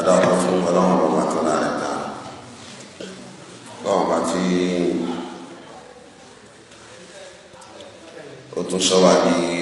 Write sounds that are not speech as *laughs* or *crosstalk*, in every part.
adáwọ̀ fún ọlọ́run ọba tó lára ta ọlọ́run ọba tí ó tún sọ wá bíi.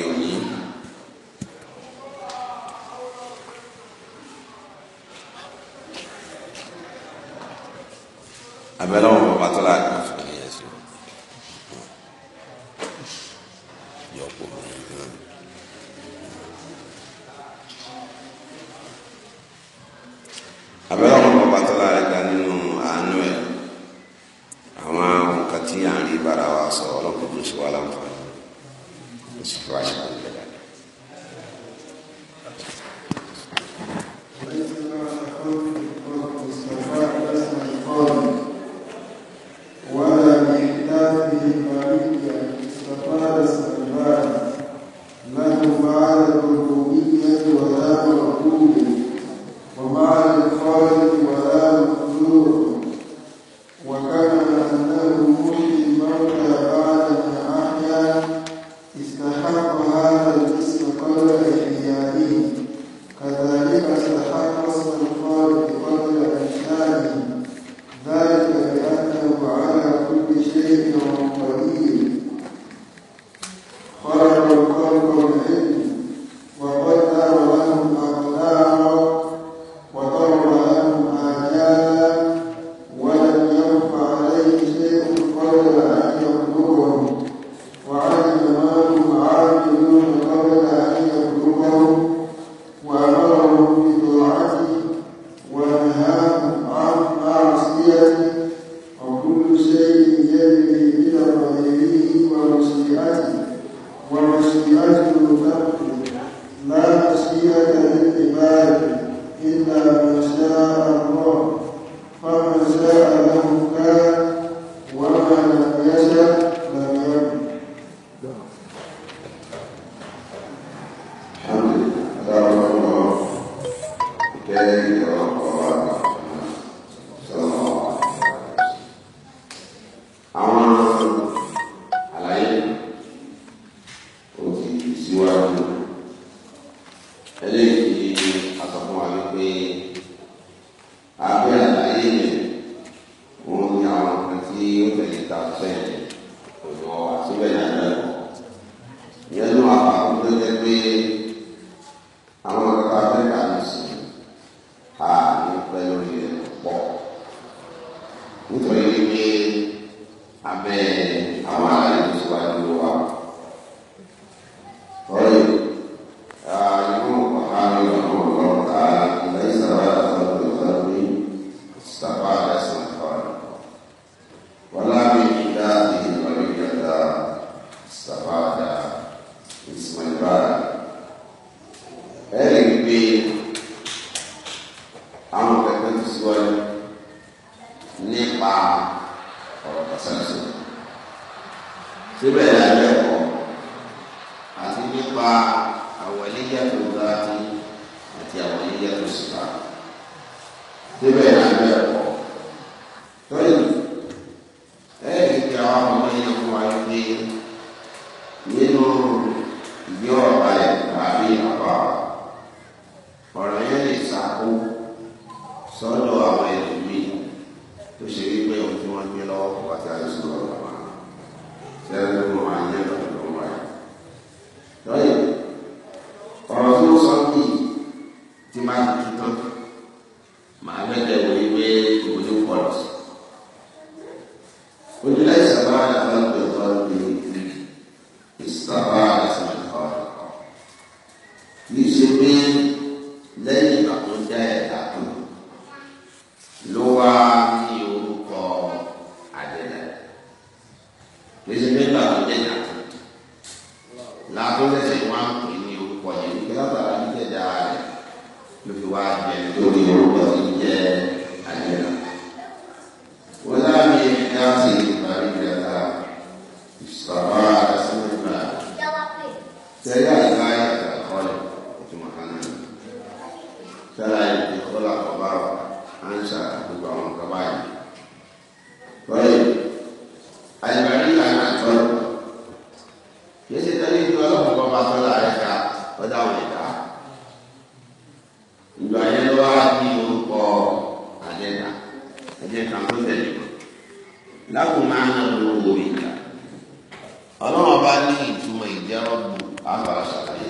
àfàrà ṣàlàyé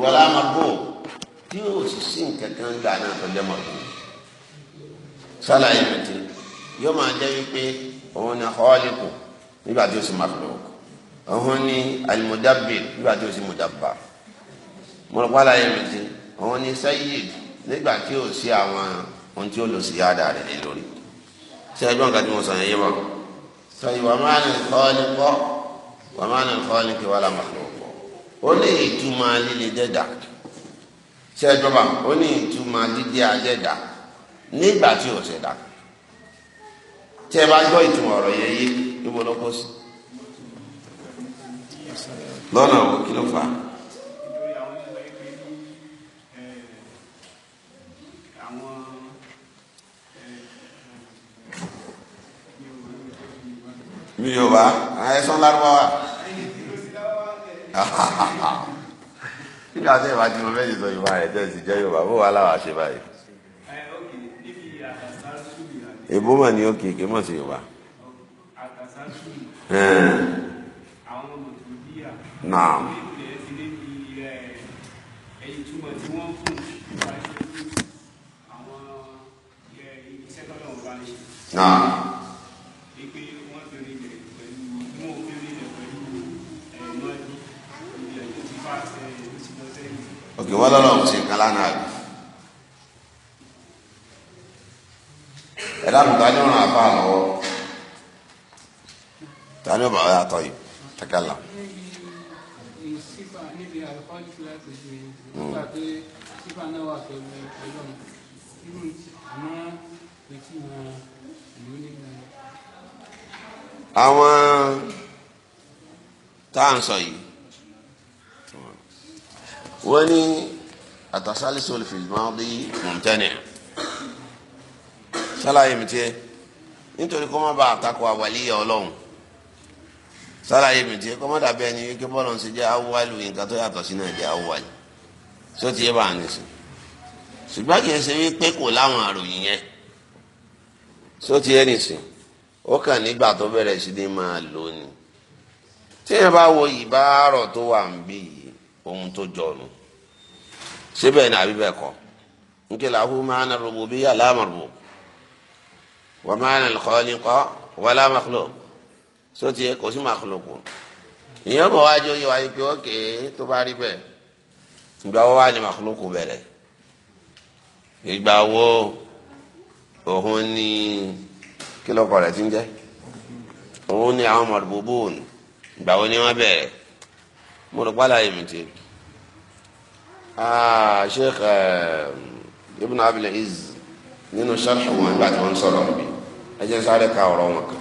wọlé amagbo tí yóò sì sí nǹkan kan gbà náà tó jẹ́ mọ̀tò ṣàlàyé mi ti yóò máa jẹ́ wípé òun ni khaliqu nígbà tí ó sì máa fi lọ́wọ́ òun ni al-mudabbir nígbà tí ó sì mudabbar mọ̀lọ́pàá láyé mi ti òun ni sayyid nígbà tí ó sì àwọn ohun tí ó lò sí yáda rẹ̀ lórí ṣé ẹgbẹ́ nǹkan tí mo sọ yé wọn. sọ ìwà máa ń kọ́ ni kọ́ wà máa ń kọ́ ni kí wàá la màlúù. ó ní ìtumọ̀ líle dẹ́dà ṣẹ́jọba ó ní ìtumọ̀ dídé àjẹ́dà nígbà tí ò ṣẹ̀dá tí ẹ bá gbọ́ ìtumọ̀ ọ̀rọ̀ yẹn yé lo fa. kó sí lọ́nà àwọn kí ló mi ba? ayesan larubawa nígbà tí ìwà tí mo fẹ́ ṣe sọ ìwà rẹ̀ tẹ́ ti jẹ́ yorùbá bó wà láwàá ṣe báyìí. èbó mà ní òkè kí mọ̀ sí yorùbá. naam. naam. òkè wọ́n lọ́lọ́run ṣe nǹkan lánàá àbí. ẹ̀dá mi ta ni ó ràn apá lọ́wọ́ ta ni ó bàa ọ̀yà tọ́ yìí àwọn tá à ń sọ yìí wọ́n ní àtàsálísọ olùfìlímọ́dé mọ̀tẹ́nì sálàyé mi tiẹ̀ nítorí kó má bàa àtakò àwàlíyà ọlọ́run sálàyé mi tiẹ̀ kó má dàbẹ́ ni wípé bọ́ọ̀lù ń ṣe jẹ́ awúwálù nǹkan tó yàtọ̀ sí náà jẹ́ awúwálù tó tiẹ̀ bá a nìsí ṣùgbọ́n kì í ṣe wípé kò láwọn àròyìn yẹn tó tiẹ̀ nìsí ó kàn nígbà tó bẹ̀rẹ̀ sí ni máa lò tí yẹn bá wo ìbáàrọ̀ tó wà ń bí yìí ohun tó jọ nù síbẹ̀ ní àbí bẹ́ẹ̀ kọ́ nkìlá hu maana rububiya la marbub wa maana al-khaliqa wala makhluq sóti kò sí makhluq ìyẹn bọ̀ wájú yìí wáyé pé ókè tó bá rí bẹ́ẹ̀ ìgbà wo wá ní makhluq bẹ̀rẹ̀ ìgbà wo òhun ni kí kọ̀ rẹ̀ ti ń jẹ́ òhun ni àwọn marbubun ìgbà wo ni wọ́n bẹ̀rẹ̀ mo rò pálá yìí mi ti ah, sheikh um, ibn abil iz nínú sharh wọn nígbà tí wọ́n ń sọ̀rọ̀ níbi ẹ jẹ́ sáré ka ọ̀rọ̀ wọn kan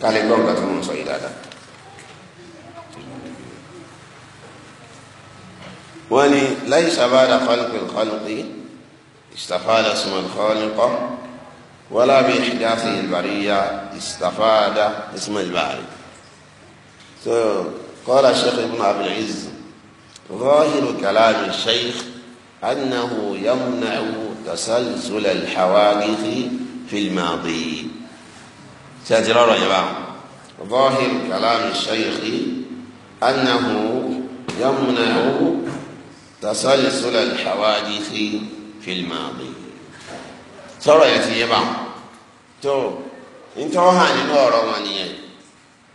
ká lè gbọ́ nǹkan tí mo ń sọ yìí dáadáa. wọ́n ní laysa ba'da khalqil khalqi istafada ismul khaliqa wala bi ihdathi al istafada ismul bari. so قال الشيخ ابن عبد العز ظاهر كلام الشيخ أنه يمنع تسلسل الحوادث في الماضي سأترى يا بعض ظاهر كلام الشيخ أنه يمنع تسلسل الحوادث في الماضي sọ̀rọ̀ يا ti تو انتو هاني tó ntọ́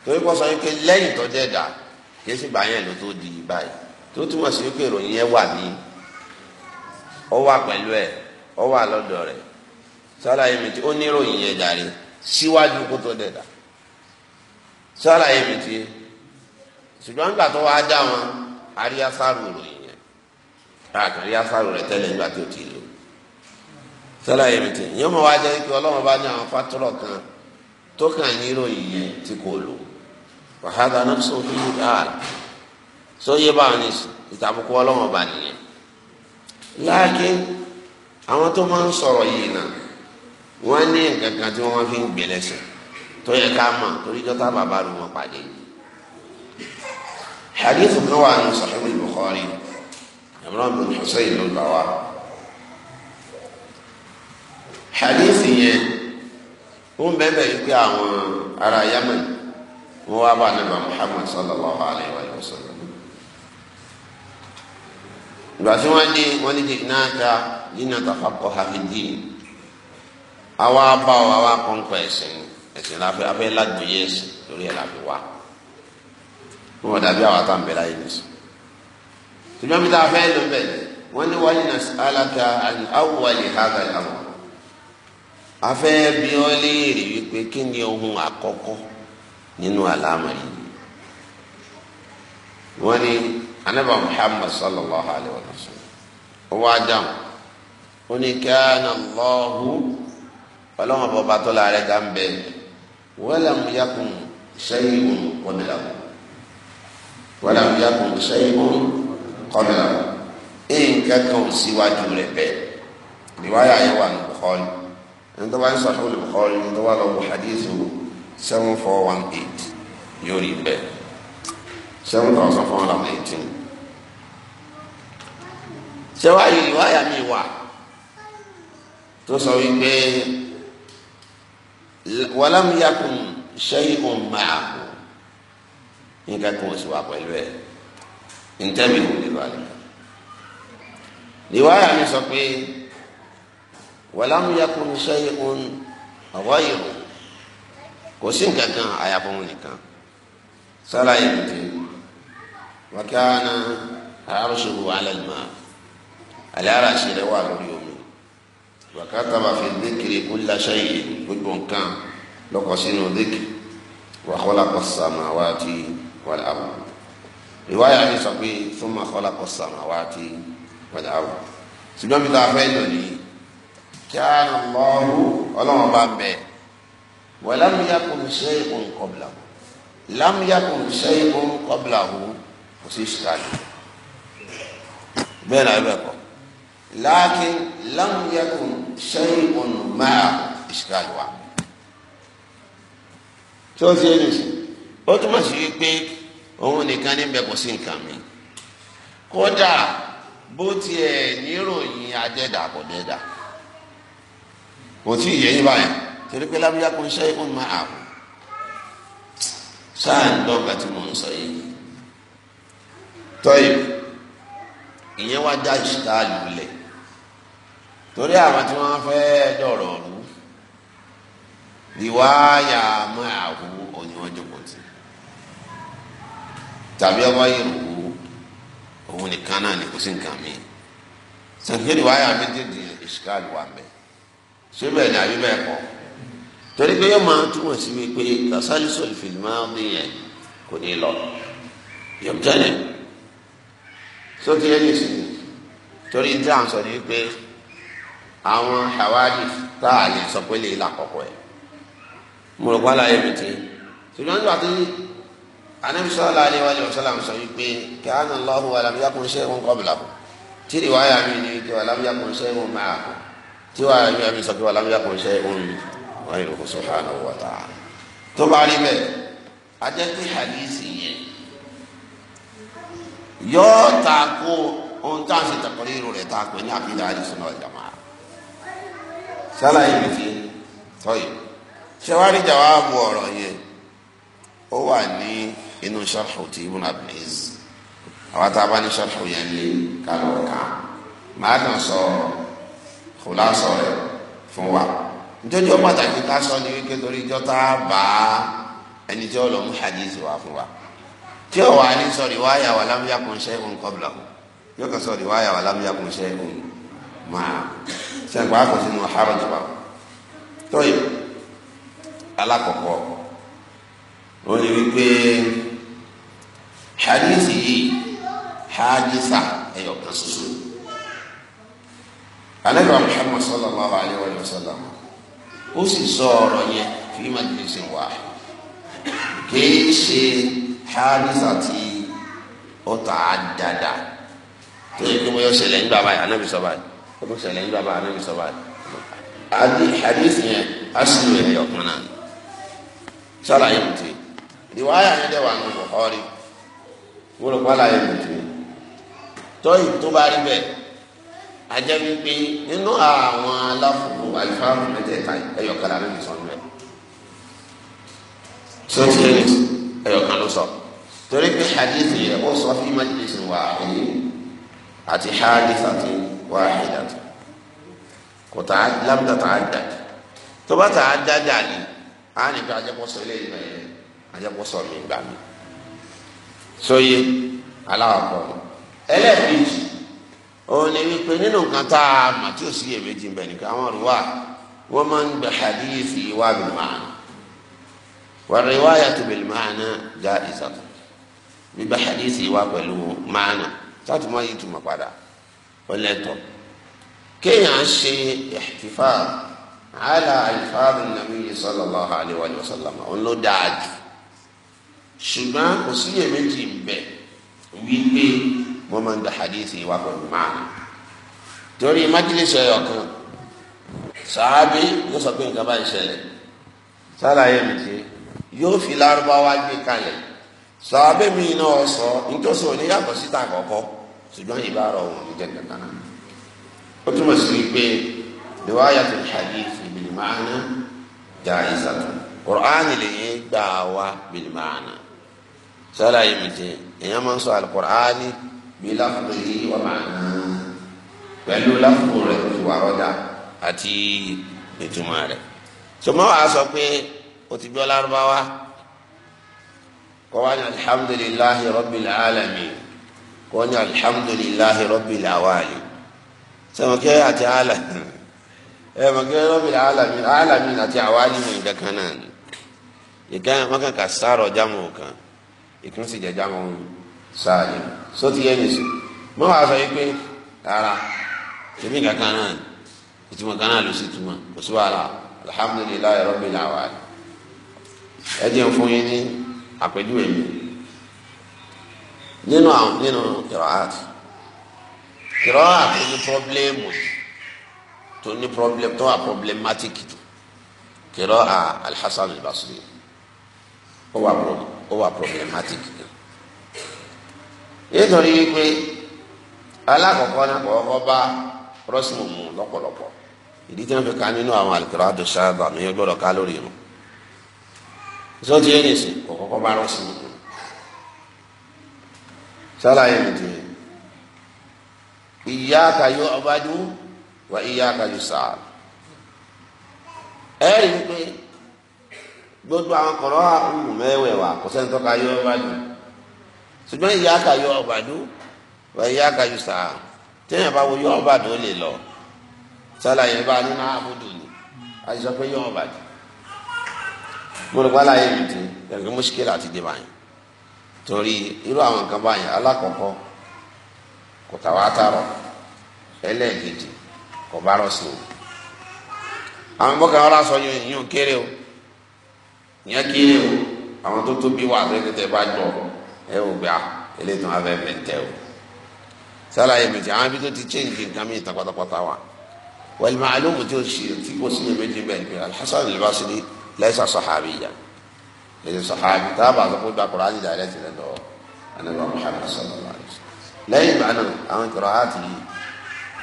تو يقول صحيح wọn nìyẹn torí kìí sì gbà ló tó di báyìí tó túmọ̀ sí pé ìròyìn yẹn wà ní ọ wà pẹ̀lú ẹ̀ ọ wà lọ́dọ̀ rẹ̀ sálàyé mi tí ó ní ìròyìn yẹn jàre síwájú kó tó dẹ̀dà sálàyé mi tí ṣùgbọ́n nígbà tó wáá dá wọn àríyásáàrù ìròyìn yẹn káàkiri àríyásáàrù rẹ̀ tẹ́lẹ̀ nígbà tó ti lò sálàyé mi tí yẹn mọ̀ wá jẹ́ pé ọlọ́run bá ní àwọn fátúrọ̀ kan tó kàn ní ìròyìn yẹn tí kò lò wàhálà náà sọ fún yìí dáhà sóyè báwọn ní ìtàbùkù ọlọ́wọ́n bá nìyẹn láàkì àwọn tó máa ń sọ̀rọ̀ yìí náà wọ́n ní nǹkan kan tí wọ́n fi ń gbé lẹ́sẹ̀ tó yẹ ká mọ̀ torí jọ́tà bàbá rẹ̀ wọ́n pàdé hadith kan wà ní Sahih al-Bukhari Imran bin Husayn ló gbà wá hadith yẹn ó ń bẹ́ẹ̀ bẹ́ẹ̀ yí pé àwọn ará Yemen wọ́n wá bá nígbà Muhammad sallallahu alayhi wa sallam ìgbà tí wọ́n dé wọ́n ní jìnnàta jìnnàta fakọ̀ hafidí àwa bá ọ àwa kọ́ńkọ́ ẹ̀sìn ẹ̀sìn láfẹ́ abẹ́ lágbóyè ẹ̀sìn lórí ẹ̀ láfi wá wọ́n dàbí àwa tá à ń bẹ láyé nìsín tòjọ́ bí tá a fẹ́ ló bẹ̀ ni wọ́n ní wáyé na alaka awùwalè hàgà làwọn afẹ́ bí wọ́n léèrè wípé kí ni ohun àkọ́kọ́ nínú àlámọ̀rí wọ́n ní anábà muhammad sallallahu alayhi wa sallam ó wá dáhùn ó ní káàna lọ́hù ọlọ́wọ́n bọba tó láàrẹ̀ gà ń bẹ walam yakun shay'un qablahu walam yakun shay'un qablahu nǹkan kan ò síwájú rẹ̀ bẹ́ẹ̀ ìwáyà yẹn wà ní Bukhari ẹni tó bá ń sọ̀rọ̀ Bukhari ẹni tó wà lọ́wọ́ hadith wò seven four one eight yóò rí bẹ́ẹ̀ seven thousand four hundred and eighteen ṣé wàá yìí wáyà mi wà tó sọ wípé wàlámùyàkùn ṣẹ́yìn màáhù nǹkan kan ò sì wà pẹ̀lú ẹ̀ ntẹ́mi kò lè balẹ̀ ìwáyà mi sọ pé wàlámùyàkùn ṣẹ́yìn ọ̀wáyìrò kò sí nǹkan kan àyàfọ́ wọn nìkan sálàyé tètè wákàánà àrùsùwò alẹ́lùmá àlẹ́hàrà ṣe rẹ̀ wà lórí omi wàkàtà bá fi dékiri kulla shay gbogbo nǹkan lọ́kọ̀ sínú dékiri wa khalaqa samawati wal ardh ìwáyà mi sọ pé thumma khalaqa samawati wal ardh ṣùgbọ́n mi ta fẹ́ lónìí kí á lọ́ọ́rù ọlọ́wọ́n bá ń ولم يكن شيء قبله، لم يكن شيء قبله ìkùn kọbìlà hù لكن لم يكن شيء náà bẹ́ẹ̀ kọ́ láàkín lámù yakùn ṣe ìkùn máa ṣìkàlì wa. tí ó ti ẹni sùn ó túmọ̀ sí pé òun nìkan ní bẹ́ẹ̀ kò sí nǹkan mi kódà bó tiẹ̀ níròyìn ajẹ́dà kò dẹ́dà kò tí ì yẹ yín báyìí torí pé lábúyá kò ń ṣe ìhùn máa àwò sáà ń dọ́gba tí mò ń sọ yìí tọ́yì ìyẹn wá já ìṣìta lulẹ̀ torí àwọn tí wọ́n fẹ́ dọ̀rọ̀ rú ìwáyà máa àwò òní wọn jókòó tì tàbí ọba yìí òun nìkan náà ni kò sí nǹkan mi sàǹkì ìwáyà méjèèjì ìṣìkà lù wà mẹ́ ṣé bẹ́ẹ̀ ni kọ́ torí pé yóò máa túmọ̀ sí wípé kasali sọlifìlì máa ń yẹn kò ní lọ yọmtẹlẹ sókè yẹn nìsí torí tí à ń sọ ni wípé àwọn àwárí tá a lè sọ pé lè là kọ̀kọ̀ ẹ̀ mo rò wálá yẹn mi ti ṣùgbọ́n nígbà tí anabi sọlá aléwájú ọ̀sálàmù sọ wípé kí á nà lọ́hùn alábíyá kò ń ṣe wọn kọ́bìlà kù tí ìwáyà mi ni wípé alábíyá kò ń ṣe wọn máa kù tí ìwáyà mi sọ pé alábíyá kò ń ṣe wọn mi ghayruhu subhanahu wa ta'ala tó bá rí bẹ́ẹ̀ ajẹ́pé hadisi yẹn yóò tako ohun tá a ṣe takọ̀rọ̀ rẹ̀ tako ní àfihàn àdìsúná ìjàmá sálàyé mi fi tọ́yì ṣẹwárí jàwáàbù ọ̀rọ̀ yẹn ó wà ní inú sharhu ti ibùn abdulaziz àwọn tá a bá ní sharhu yẹn ní kálọ̀ kan màá kàn sọ kò lásọ̀ rẹ̀ fún wa ntọ́jọ́ pàtàkì ká sọ ní wípé torí ìjọ tá a bá ẹni tí ó lọ mú hadith wá fún wa tí ó wà ní sọ̀rọ̀ ìwáyà wà lámúyà kún ṣe ń kọ́bla kù yóò kàn sọ̀rọ̀ ìwáyà wà lámúyà kún ṣe ń máa sẹ́gbàá kò sínú ọ̀hárọ̀ jọba tóyè alákọ̀ọ́kọ́ ó ní wípé hadith yìí hadisa ẹ̀yọ̀ ṣoṣo alẹ́ bá Muhammad sallallahu alayhi wa sallam ó sì sọ ọ̀rọ̀ yẹn fi majlis wahid kìí ṣe hadisa tí ó tà á dada tó yẹ kí mo yọ ṣẹlẹ̀ nígbà báyìí anábì sọ báyìí ó tún ṣẹlẹ̀ nígbà báyìí anábì sọ báyìí hadith yẹn aṣíwò yẹn yọkùn náà ṣàlàyé mùtí ìwáyà yẹn dẹ̀ wà ní Bukhari wọ́n lọ pa àlàyé mùtí tọ́yì tó bá rí bẹ́ẹ̀ ajẹ́ wípé nínú àwọn aláfòkù alifáàrún mẹ́tẹ̀ẹ̀ta ẹ̀yọ̀kan làwọn ènìyàn sọ̀rọ̀ So sọ́tì ẹ̀yọ̀kan ló sọ torí pé hadithi yẹ ó sọ fí majlisin wahid àti hadithati wahidati kò tá a lábùdá tá a dà tó bá tá a dá dà ní a ní pé ajẹ́pọ̀sọ ilé ìgbà yẹn ajẹ́pọ̀sọ mi gbà mí. sóye aláwọ̀ kọ́ ẹlẹ́ẹ̀kejì òun ni wípé nínú nǹkan tá a mà tí ò sí iyèméjì bẹ̀ nìkan àwọn rìwá wọ́n máa ń gbà hadithi wá bil ma'ana wà riwayatu bil ma'ana jaizatu gbígbà hadithi wá pẹ̀lú màánà sátúmọ̀ yìí túmọ̀ padà ọlẹ́tọ̀ kéèyàn ṣe ìhtifà ala ìfàdù nàbí sallallahu alayhi wa sallam òun ló dáa jù ṣùgbọ́n kò sí iyèméjì bẹ̀ wípé wọ́n máa ń da hadithi wa pẹ̀lú máàlì torí májèlésì ẹ̀yọ̀ kan sàábì yóò sọ pé nǹkan bá ìṣẹ̀lẹ̀ sálàyé mi ti yóò fi lárúbáwá gbé kalẹ̀ sàábì mi náà sọ nítòsí òní yàtọ̀ síta àkọ́kọ́ ṣùgbọ́n ìbára òun ní jẹ́ kankan náà ó túmọ̀ sí wípé riwayatul hadith bil ma'na jaizatun qur'an lè yẹ gbà wá bil ma'na sálàyé mi ti èèyàn máa ń sọ al-Qur'ani bí láfùrù yìí wà màánà pẹ̀lú láfùrù rẹ̀ ìwà ọ̀dà àti ìtumọ̀ rẹ̀ sọmọ́ wa sọ pé o ti bí ọlárúbáwá kọ́ wa ní alihamudulilahi rọ́bìlì alami kọ́ ní alihamudulilahi rọ́bìlì awali sọmọkẹ́ àti alami ẹ mọ̀kẹ́ rọ́bìlì alami alami àti awali mi kankan náà ni ìkan mọ́kànkà sárọ̀ kan ìkan sì jẹ́ jámọ̀ sáàyè só ti yẹ nìsí mo máa sọ yìí pé rárá èmi kankan náà ìtumọ̀ kan náà ló sì túmọ̀ kò sí wàhálà alhamdulilayi rabbil alamin ẹ jẹun fún yín ní àpèjúwe mi nínú àwọn nínú kìrọ̀hátì kìrọ̀hátì ní pọ́blẹ́mù tó ní pọ́blẹ́mù tó wà pọ́blẹ́mátìkì tó kìrọ̀hà alhassan albasiri ó wà problematic nítorí wípé alákọ̀ọ́kọ́ náà kọ̀ọ̀kọ́ bá rọ́sìmù mu lọ́pọ̀lọpọ̀ ìdí tí wọ́n fi ka nínú àwọn àlùkòrò àti sábà ní ọgbọ́dọ̀ ká lórí irun sọ ti ẹni sìn kọ̀ọ̀kọ́ bá rọ́sìmù mu sálàyé mi ti ìyá kayọ ọbadú wà ìyá kayọ sáà ẹ rí i pé gbogbo àwọn kọ̀ọ̀rọ̀ àwọn mẹ́wẹ̀ẹ̀wà kò sẹ́ni tó ọbadú ṣùgbọ́n ìyá ka yọ ọ̀bàdú wà ìyá ka yọ sàá téèyàn bá wo yọ ọ̀bàdú ó lè lọ sálàyé bá nínú àbúdù ni a ti sọ pé yọ ọ̀bàdú mo rò pálá yẹ mìtì ẹ̀rọ mọ́ṣíkìlà àti dè báyìí torí irú àwọn nǹkan báyìí alákọ̀ọ́kọ́ kò tà wá tààrọ̀ ẹlẹ́ẹ̀kejì kò bá rọ̀ sí o àwọn bọ́kà ọ̀rọ̀ aṣọ yẹn yóò kéré o yẹn kéré o àwọn tó tóbi wà tẹ́tẹ́tẹ́ bá jọ ọ̀rọ̀. ẹwù gbà eléyìí tó ń fẹ́ bẹ̀ tẹ́ o sálàyé méjì àwọn ibi tó ti change nǹkan mi ìtàn pátápátá wa wal ma'lum tí o ṣe tí kò sí méjì bẹ́ẹ̀ ni Al-Hasan al-Basri laysa sahabiyyan lẹ́yìn sọ̀hábì tábà sọ pé gba kùránì dàrẹ́ ti lẹ́nu Ànábì Muhammad sallallahu alaihi wasallam lẹ́yìn ìgbà náà àwọn kìrọ̀ á ti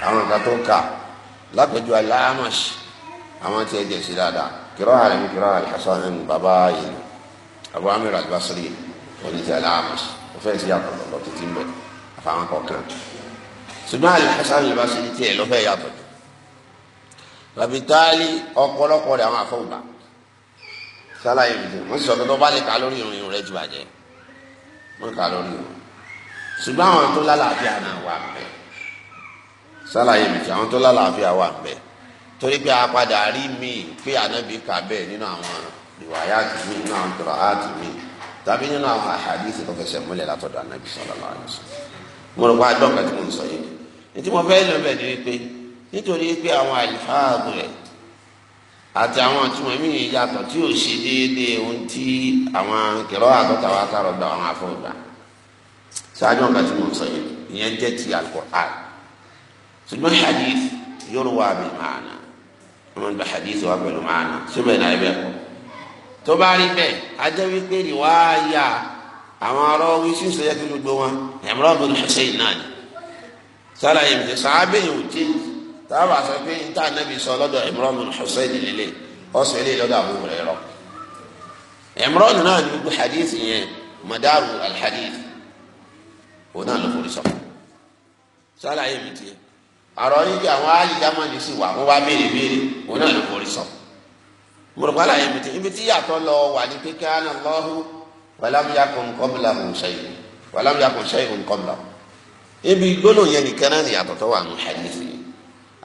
àwọn nǹkan tó tí ẹ jẹ̀ sí dáadáa kìrọ̀ àlẹ́ mi kìrọ̀ Al-Hasan bàbá yìí Abu Amir al-Basri yìí. oníṣẹ́lá àmùsù kò fẹ́ sí yàtọ̀ lọ́lọ́ títí mbẹ́ àfàwọn kọ̀ọ̀kan ṣùgbọ́n Al-Hasan al-Basri tiẹ̀ ló fẹ́ yàtọ̀ jù rabitali ọ̀pọ̀lọpọ̀ rẹ̀ àwọn afọ́gbà sálàyé mi wọ́n sì sọ pé tó bá lè ka lórí irun irun rẹ̀ jù bàjẹ́ wọ́n ka lórí irun ṣùgbọ́n àwọn tó lálàáfíà náà wà mbẹ́ sálàyé mi àwọn tó lálàáfíà wà mbẹ́ torí pé a rí mi pé ànábì kà bẹ́ẹ̀ nínú àwọn ìwàyà tì mí nínú àwọn tọrọ áàtì mí tàbí nínú àwọn àhàdíìsì tó fẹsẹ̀ múlẹ̀ látọ̀dọ̀ anábì sallallahu alaihi wasallam mo rò pé àdọ́gba tí mo ń sọ yìí ni tí mo fẹ́ lọ bẹ̀ ni wípé nítorí pé àwọn àlìfáàbù rẹ̀ àti àwọn ìtumọ̀ mí yàtọ̀ tí ò ṣe déédéé ohun tí àwọn kẹrọ àtọ́ta wa tá lọ́dọ̀ àwọn afọ́gbà ṣáájú ọ̀gá tí mo ń sọ yìí ìyẹn jẹ́ ti al ṣùgbọ́n hadith yorùbá mi màánà wọ́n hadith wa pẹ̀lú màánà ṣé bẹ́ẹ̀ tó bá rí bẹ́ẹ̀ ajẹ́ wípé rìwáyà àwọn ará wí sí ìṣẹ́yẹ́ kí gbogbo wọn ẹ̀mọ́rọ́ ọ̀bọ̀n Hussein náà ni sọ́la yẹn ti sàábẹ̀ yẹn ò tí sábà sọ pé níta nẹ́bi sọ lọ́dọ̀ ẹ̀mọ́rọ́ ọ̀bọ̀n Hussein lélẹ̀ ọ̀sọ̀ ilé lọ́dọ̀ Abu Hurairah ẹ̀mọ́rọ́ náà ni gbogbo hadith yẹn madaru alhadith òun náà ló forí sọ sọ́la yẹn ti àrọ̀ níbi àwọn alìjámọ́ni sì wà wọ́n wá béèrè béèrè òun náà ló forí sọ mọ̀rọ̀kọ́ àlàyé mi ti ibi tí yàtọ̀ lọ wà ní pé kana Allahu walam yakun qablahu shay'un walam yakun shay'un qablahu ibi gbólóhùn yẹn nìkan náà ni yàtọ̀ tó wà nù hadithi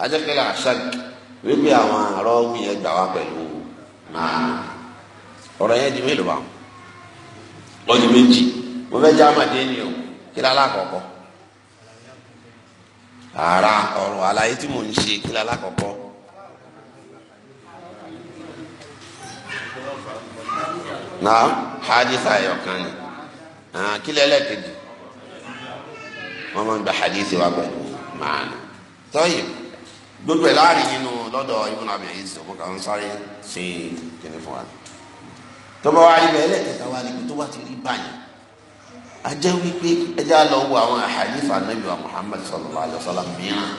ajẹ́kẹ́lẹ́ àṣàk wípé àwọn àrọ́ wù yẹn gbà wá pẹ̀lú máa ọ̀rọ̀ yẹn di mélòó bá wọn mo fẹ́ jẹ́ àmàdé ni o kí lálá ara ọ̀rọ̀ àlàyé tí mò ń ṣe kí lálá kọ̀ọ̀kọ̀ náà hadith ayọ̀kan ni kílẹ̀ ẹlẹ́kejì wọ́n máa ń gba hadith wa pẹ̀lú màánà tọ́yì gbogbo ẹ̀ láàrin nínú lọ́dọ̀ ibùdó àbí ẹ̀yìn sọ̀kọ́ kan sáré ṣe kíni fún wa tọ́ba wa rí bẹ́ẹ̀ ẹlẹ́kẹta wa rí tó wá ti rí báyìí a jẹ́ wípé ẹjẹ́ á lọ wo àwọn hadith anabi wa sallallahu alayhi wa sallam mìíràn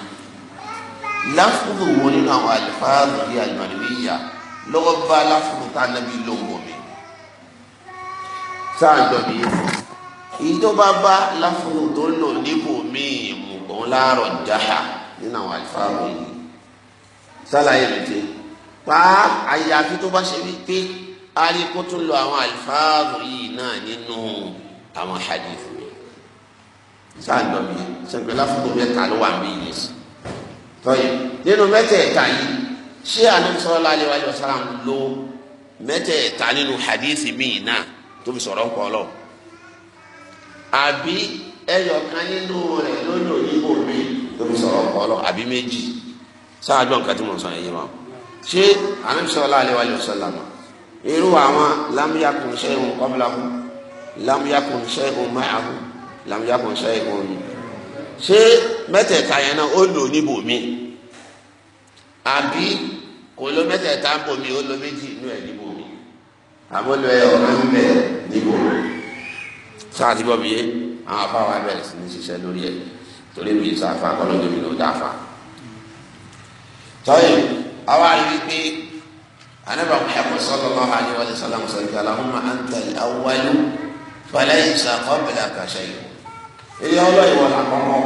láfúrú wo nínú àwọn àlùfáà lórí àlùmọ̀lẹ́wìyà lọ́wọ́ bá láfúrú tá anabi lóhùn omi sáàjọ mi yẹn ìjọba bá láfúnù tó lò níbò míì mú òun láàárọ̀ jáhà nínú àwọn àlùfáàmù yìí sálàyé mi ti pa àyàfi tó bá ṣe wípé aríkó tó lo àwọn àlùfáàmù yìí náà nínú àwọn hadithu mi sáàjọ mi yẹn sẹ́ńpẹ́ láfúnù mẹ́ta ló wà mí yìí sí tọ́yìn nínú mẹ́tẹ̀ẹ̀ta yìí ṣé àná alẹ́ wàlẹ́ wàsálàmù lo mẹ́tẹ̀ẹ̀ta nínú hadithi mi náà tó fi sọ̀rọ̀ ńkọ lọ. àbí ẹyọkan nínú rẹ̀ lónìí òyìnbó mi tó fi sọ̀rọ̀ ńkọ lọ àbí méjì sáájú nǹkan tí mo sọ yẹn yé ma ṣé anamisọ́lá alẹ́ wa yóò sọ́lá ma irú àwọn lámúyàkùn ṣẹ́yìn kọ́bílákùn lámúyàkùn ṣẹ́yìn máyàkùn lámúyàkùn ṣẹ́yìn omi ṣé mẹ́tẹ̀ẹ̀ta yẹn náà ó lò níbò mi àbí kò ló mẹ́tẹ̀ẹ̀ta ń bò mí ó lò méjì inú ẹ̀ níbò àbọ̀lù ẹ̀yọ̀ kan ń bẹ̀ níbo sáà ti bọ̀ bí yé àwọn afá wa bẹ̀rẹ̀ sí ní ṣiṣẹ́ lórí ẹ̀ torí mi sá afá kọ́ lóde mi ló dá afá. tọ́yìn àwa rí wípé anábà Muhammad sallallahu alaihi wa sallam sọ̀rọ̀ Allahumma anta al-awwalu falaysa qablaka shay'un. ilé ọlọ́yìn wọn àkọ́kọ́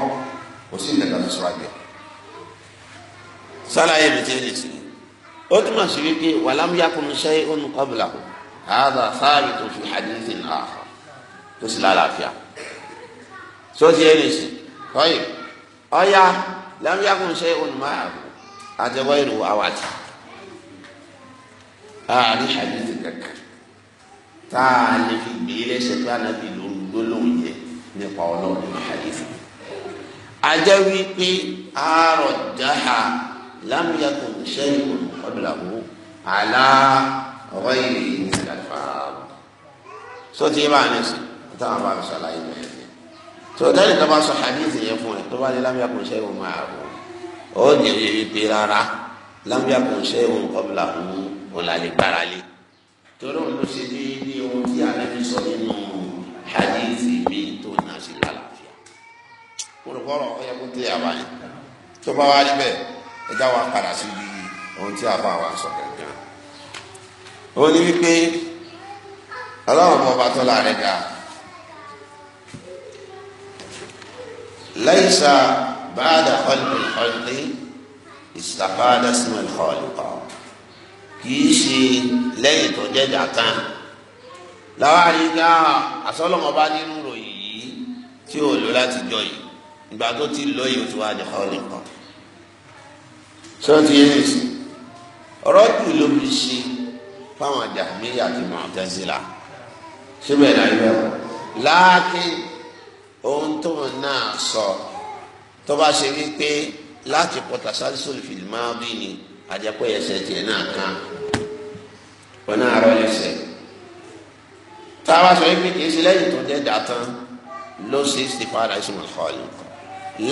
kò sí ìdàgbà tó sọ̀rọ̀ àgbẹ̀. sálàyé mi tẹ́lẹ̀ sí i ó túmọ̀ sí wípé wàlámúyàkùn shay'un qablahu hàdà sáàbìtò fi hadithin àhà tó sì lálàáfíà sọ́sì ẹ̀rìnsì tọ́yì ọ̀yà lámúyàkùn ṣe olùmọ̀ọ́yàwó àtẹwọ́ ìlú àwàtì àárín hadithin kankan tá a lè fi gbé lẹ́sẹ̀ pé ànábì ló ń gbólóhùn yẹ nípa ọlọ́run ní hadithin ajẹ́ wípé àárọ̀ dáhà lámúyàkùn ṣe olùmọ̀ọ́yàwó àlá ọ̀rọ̀ ìrìn so ti bá ní sùn táwọn bá mi sọlá yìí bẹ́ẹ̀ ni so tẹ́lẹ̀ tó bá sọ hadith yẹn fún ẹ tó bá ní lámìá kò ṣe ìwọ̀n máa rò ó ní oyè wípé rárá lámìá kò ṣe ìwọ̀n kọ́bìlà fún ọ̀làlẹ̀ gbáralé torí òun ló ṣe ní ní ohun tí àlẹ́bí sọ nínú hadith mi tó náà ṣe lálàáfíà olùkọ́rọ̀ ọ̀yẹ́ kó tẹ́ àbáyé tó bá wá rí bẹ́ẹ̀ ẹ já wa padà síbi ohun tí àbá wa sọ gẹ̀gẹ̀ ọlọ́run ọmọ ọba tọ́lá rẹ̀ ga laisa ba'da khalqil khalqi istafada ismul khaliq kìí ṣe lẹ́yìn tó jẹ́ jàkà làwọn àríkà àsọlọ́mọba nínú ròyìn yìí tí ò lò láti jọ yìí ìgbà tó ti lọ yìí ó ti wá di khaliq sọ́ọ́tì yẹn nìyí rọ́jù ló fi ṣe fáwọn jàmíyà àti Mu'tazila síbẹ̀ náà yẹ ọ láàkì ohun tó wọn náà sọ tó bá ṣe wípé láti pọ̀tà sálísòlì fìlímà bí ni àjẹpọ̀ ẹsẹ̀ tiẹ̀ náà kàn wọn náà rọ ẹsẹ̀ tá a bá sọ wípé kì í ṣe lẹ́yìn tó jẹ́ dàtán ló ṣe é ṣe fara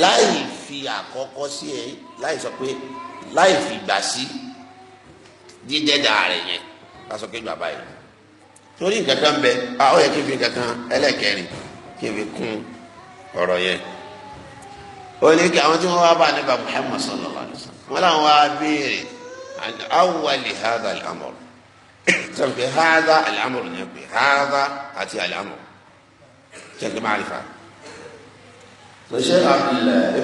láì fi àkọ́kọ́ sí ẹ láì sọ pé láì fi gbà sí jíjẹ́ dàrẹ̀ yẹn lásán kéjì bàbá yìí torí nǹkan kan bẹ a ó yẹ kí n fi nǹkan kan ẹlẹ́kẹrin kí n fi kún ọ̀rọ̀ yẹn ó ní kí àwọn tí wọ́n wá bá nípa Muhammad sallallahu alayhi wa sallam wọ́n làwọn wá béèrè awali hada al-amr *coughs* sọ̀rọ̀ hada al-amr ni pé hada àti al jẹ́kí máa rí fa. sọ̀ṣẹ́ Abdullah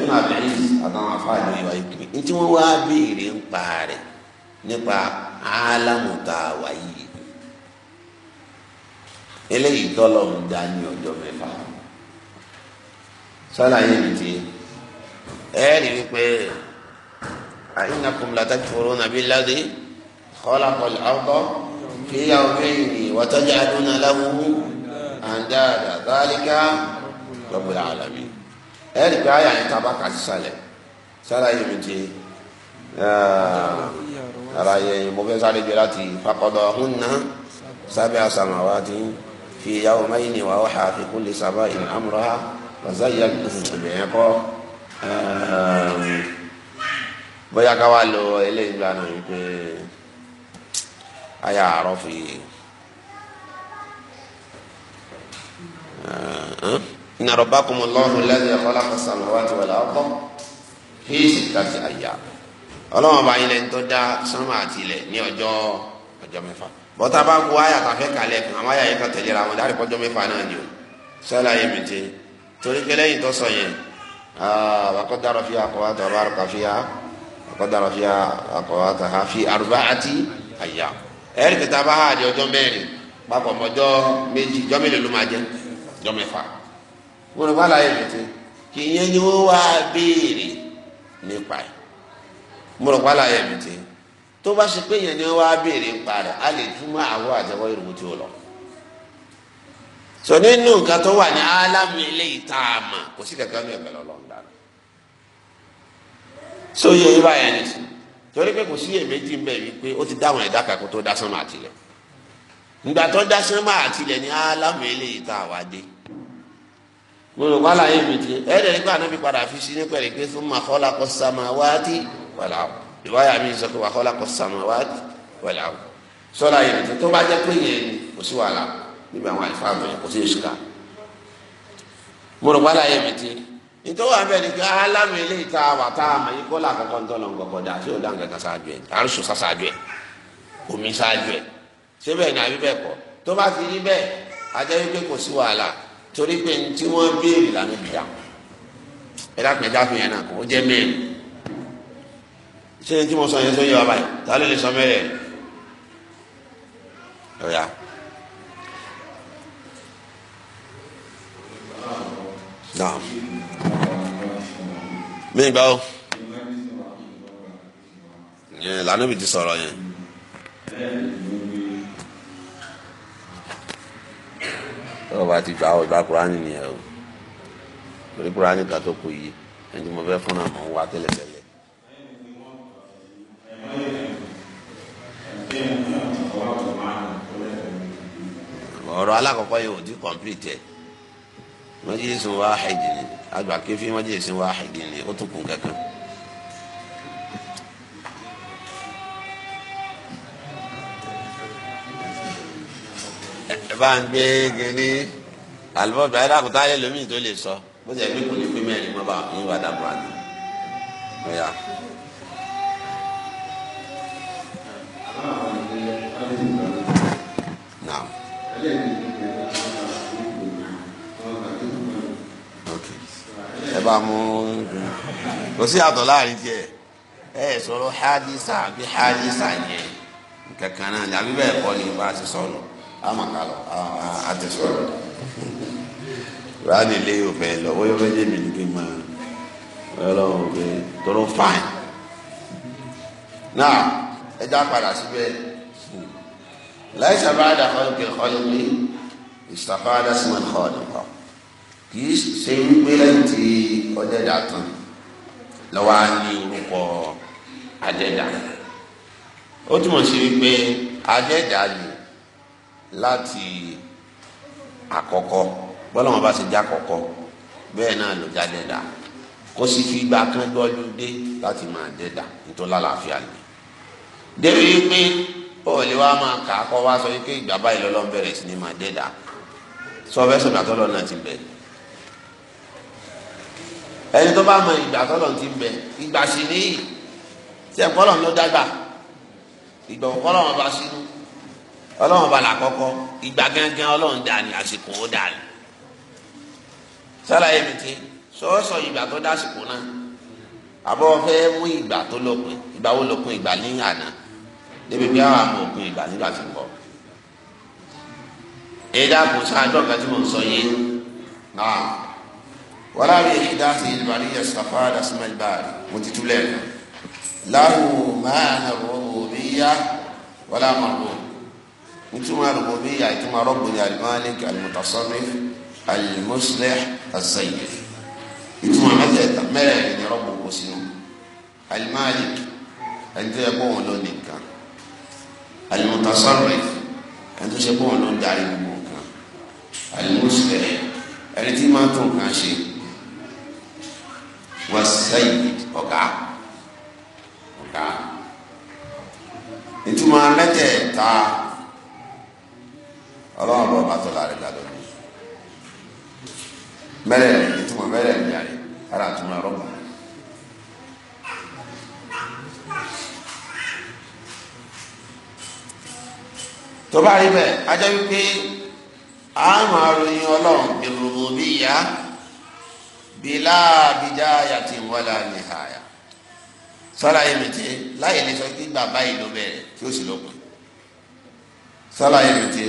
àtàwọn afáàlú ìwà ìpè ní tí wọ́n wá béèrè ń pa nípa alamu tàwa eléyìí tọ́lọ́run dá ní ọjọ́ mẹ́fà sálàyé mi ti ẹ rí wípé àyìnàkùn làtàkùrọ̀ nàbí ládé kọ́lákọ̀lì ọkọ̀ fíyà òfin wàtọ́jà àdúnà láwùú àǹdáàdà dálíkà lọ́bùrà àlàmì ẹ rí pé àyà yẹn tábà kà sísàlẹ̀ sálàyé mi ti ara ah, yẹn mo fẹ́ sáré jẹ láti fakọ̀dọ̀ ọ̀hún náà sábẹ́ àsàmàwá ti في يومين وأوحى في كل سماء أمرها وزين الدنيا bóyá ká wá lo eléyìí gbà náà wípé ayé àárọ̀ uh, fi إن ربكم الله الذي خلق السماوات والأرض في ستة أيام ọlọ́wọ́n bá yín lẹ́ni tó dá sánmà àti ilẹ̀ ní ọjọ́ ọjọ́ mẹ́fà bọ́tà bá wo àyà tàfẹ́ kalẹ̀ kan àwọn àyà yẹn kan tẹ̀lé ra wọn dárí kọjọ́ mẹ́fà náà ni o sọ́lá yẹn mi ti torí pé lẹ́yìn tó sọ yẹn akọ́dàrọ̀ fi àkọ́wá tó bá rọ̀kà fi akọ́dàrọ̀ fi àkọ́wá tó ha fi àrùbá àti àyà ẹ̀rí kẹta bá hà di ọjọ́ mẹ́rin papọ̀ mọ́jọ́ méjì jọ́ mélòó ló máa jẹ́ jọ́ mẹ́fà wọn bá láyé mi ti kì í yẹn ni wọ́n wá béèrè nípa ẹ̀ mo rò pa láyé mi ti tó bá ṣe pé yẹn ni wọn wá béèrè ń parẹ a lè túmọ̀ àwọ àtẹwọ ìrùkù tí ó lọ. sọ nínú nǹkan tó wà ní alámi eléyìí tá a mà kò sí kankan ní ẹgbẹ lọlọ ńlá rẹ. sọ yẹ ibà yẹn ni sí torí pé kò sí iyèméjì ń bẹ wípé ó ti dáhùn ẹ̀dá kan kó tó dá sánmà àtìlẹ̀ ìgbà tó dá sánmà àtìlẹ̀ ní alámi eléyìí tá a wá dé. mo rò wá láyé mi ti ẹ̀ẹ́dẹ̀ẹ́dẹ́gbà náà fi padà fi sí ní pẹ̀lú pé fún màkọ́lá kọ́ ìwáyà mi sọ pé wà kọ́lá kọ́ samawati wal ard sọ́la yẹn tó bá jẹ́ pé yẹn kò sí wàhálà níbi àwọn àlùfáà mi kò sí èṣù ká wàhálà yẹn mi ti nítorí wà bẹ́ẹ̀ ni pé alámi ilé ìta wà tá a mọ̀ yìí kọ́lá àkọ́kọ́ ńtọ́ lọ gbọ̀gbọ̀ dà tí ò dá nǹkan kan ṣáájú ẹ̀ àrùsù ṣáájú ẹ̀ omi ṣáájú ẹ̀ ṣé bẹ́ẹ̀ ni àbí bẹ́ẹ̀ kọ́ tó bá ti rí bẹ́ẹ̀ ajẹ́ wípé kò sí wàhálà torí pé tí wọ́n béèrè lànà ìdá ẹ̀dá pẹ̀lú àfihàn náà kò jẹ́ mẹ́rin ṣé tí mo sọ yẹn tó yẹ wá báyìí ta ló lè sọ mẹ́rẹ̀ ọ̀yà. naam mi gbà ó yẹn lànà mi ti sọ̀rọ̀ yẹn. tọ́ ọba ti gbà ọ ìgbà kúránì nìyẹn o torí kúránì kan tó kù yìí ẹni tí mo fẹ́ fún náà mọ̀ ń wá tẹ́lẹ̀tẹ́lẹ̀. alákọ̀ọ́kọ́ yẹn ò complete ẹ̀ majlisun wahid ni ni ó tún kún kankan. bá ń gbé alibọ́dọ̀ ayé dàkútà ayé tó lè sọ bó bí kò ní pé mẹ́rin mọ́ bá mú kò sí àtọ̀ láàrin tiẹ̀ ẹ sọ̀rọ̀ hadisa bí hadisa yẹn kankan náà ni àbí bẹ́ẹ̀ kọ́ ni bá a ti sọ̀rọ̀ àmàkà lọ a ti sọ̀rọ̀ rani lé yóò fẹ́ lọ wọ́n yóò fẹ́ jẹ́ mi nígbè máa ọlọ́run pé tọrọ fáìn náà ẹ já padà síbẹ̀ láìsà bá dà kọ́lùkẹ́ kọ́lùmí ìsàfáàdà sí mọ́ kọ́lùkọ́ kì í ṣe wípé lẹ́yìn tí ọdẹ́dà tán lọ́wọ́ á ní orúkọ adẹ́dà ó túmọ̀ sí wípé adẹ́dà lò láti àkọ́kọ́ bọ́lá wọn bá ṣe já kọ́kọ́ bẹ́ẹ̀ náà ló já dẹ́dà kó sì fi ìgbà kan gbọ́dú dé láti máa dẹ́dà nítorí lálàáfíà lè débi wípé òòlì wa máa kà á kọ́ wá sọ wípé ìgbà báyìí lọ́lọ́ bẹ̀rẹ̀ sí ni máa dẹ́dà sọ fẹ́ sọ̀dọ̀ àtọ́lọ́ náà ti bẹ̀rẹ̀ ẹni tó bá mọ ìgbà tọ́lọ̀ ti bẹ̀ ìgbà sì níyì tí ẹ̀kọ́ lọ́n ló dágbà ìgbà òkọ́ lọ́wọ́n bá sínú ọlọ́wọ́n bá làkọ́kọ́ ìgbà gángan ọlọ́run dà ní àsìkò ó dà ní. sálàyé mi ti sọ́ọ́sọ́ ìgbà tó dásìkò náà àbọ̀ fẹ́ mú ìgbà tó lópin ìgbà wo lópin ìgbà ní àná débi bí àwọn àmọ̀ òpin ìgbà nígbà tí ń bọ̀. èdè àpò sáájọ́ kan tí mò ń sọ yìí náà wàláàrí èyí dáhùn ìlúbàrí yẹ sàfà àdásímọ ìbáàrí mo ti túlẹ̀ kan láwù máa rògbò bí yá wàlá máa rò ìtumọ̀ rògbò bí yá ìtumọ̀ rògbò ní alimalik almutasamif almuslih azayif ìtumọ̀ mẹ́tẹ̀ẹ̀ta mẹ́rẹ̀ẹ̀rin ni rògbò kò sínú alimalik ẹni tó yẹ kó wọn lọ nìkan almutasamif ẹni tó ṣe kó wọn lọ darí gbogbo nǹkan almuslih ẹni tí máa tó nǹkan ṣe wọ́n sẹ́yìn ọ̀gá ọ̀gá ìtumọ̀ mẹ́tẹ̀ẹ̀ta ọlọ́run bọ̀ bàtọ́ la rẹ̀ gbàdọ̀ mi mẹ́rẹ̀ ìtumọ̀ mẹ́rẹ̀ ìyá rẹ̀ ara àtúmọ̀ rọ́bà. tó bá rí bẹ́ẹ̀ ajá wípé a máa ròyìn ọlọ́run ìrùbùbíyà bílá bíjá yàtì wọlé àníhàyà sọlá yẹn mi ti láyé lè sọ pé bàbá yìí ló bẹ̀rẹ̀ kí ó sì lọ pè sọlá yẹn mi ti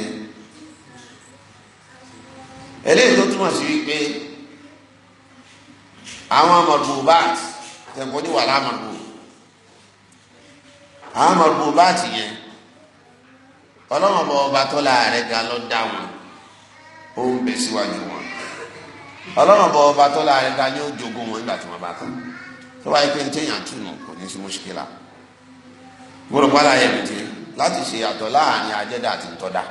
eléyìí tó túmọ̀ sí wípé àwọn mọ̀tòbáàtì tẹ̀kọ́ ní wàhálà mọ̀tò àwọn mọ̀tòbáàtì yẹn ọlọ́mọba ọba tó láàárẹ̀ ga ló wọn ó ń bẹ̀ síwájú ọlọ́run bọ̀ ọba tọ́lá rẹ̀ ga ni ó jogún wọn nígbà tí wọ́n bá tán tó bá yẹ pé ntẹ́ yàn túnú kò ní sí mọ́ṣíkìlá gbọ́dọ̀ pàdé ayé mi ti láti ṣe yàtọ̀ láàrin ajẹ́dá àti ntọ́dá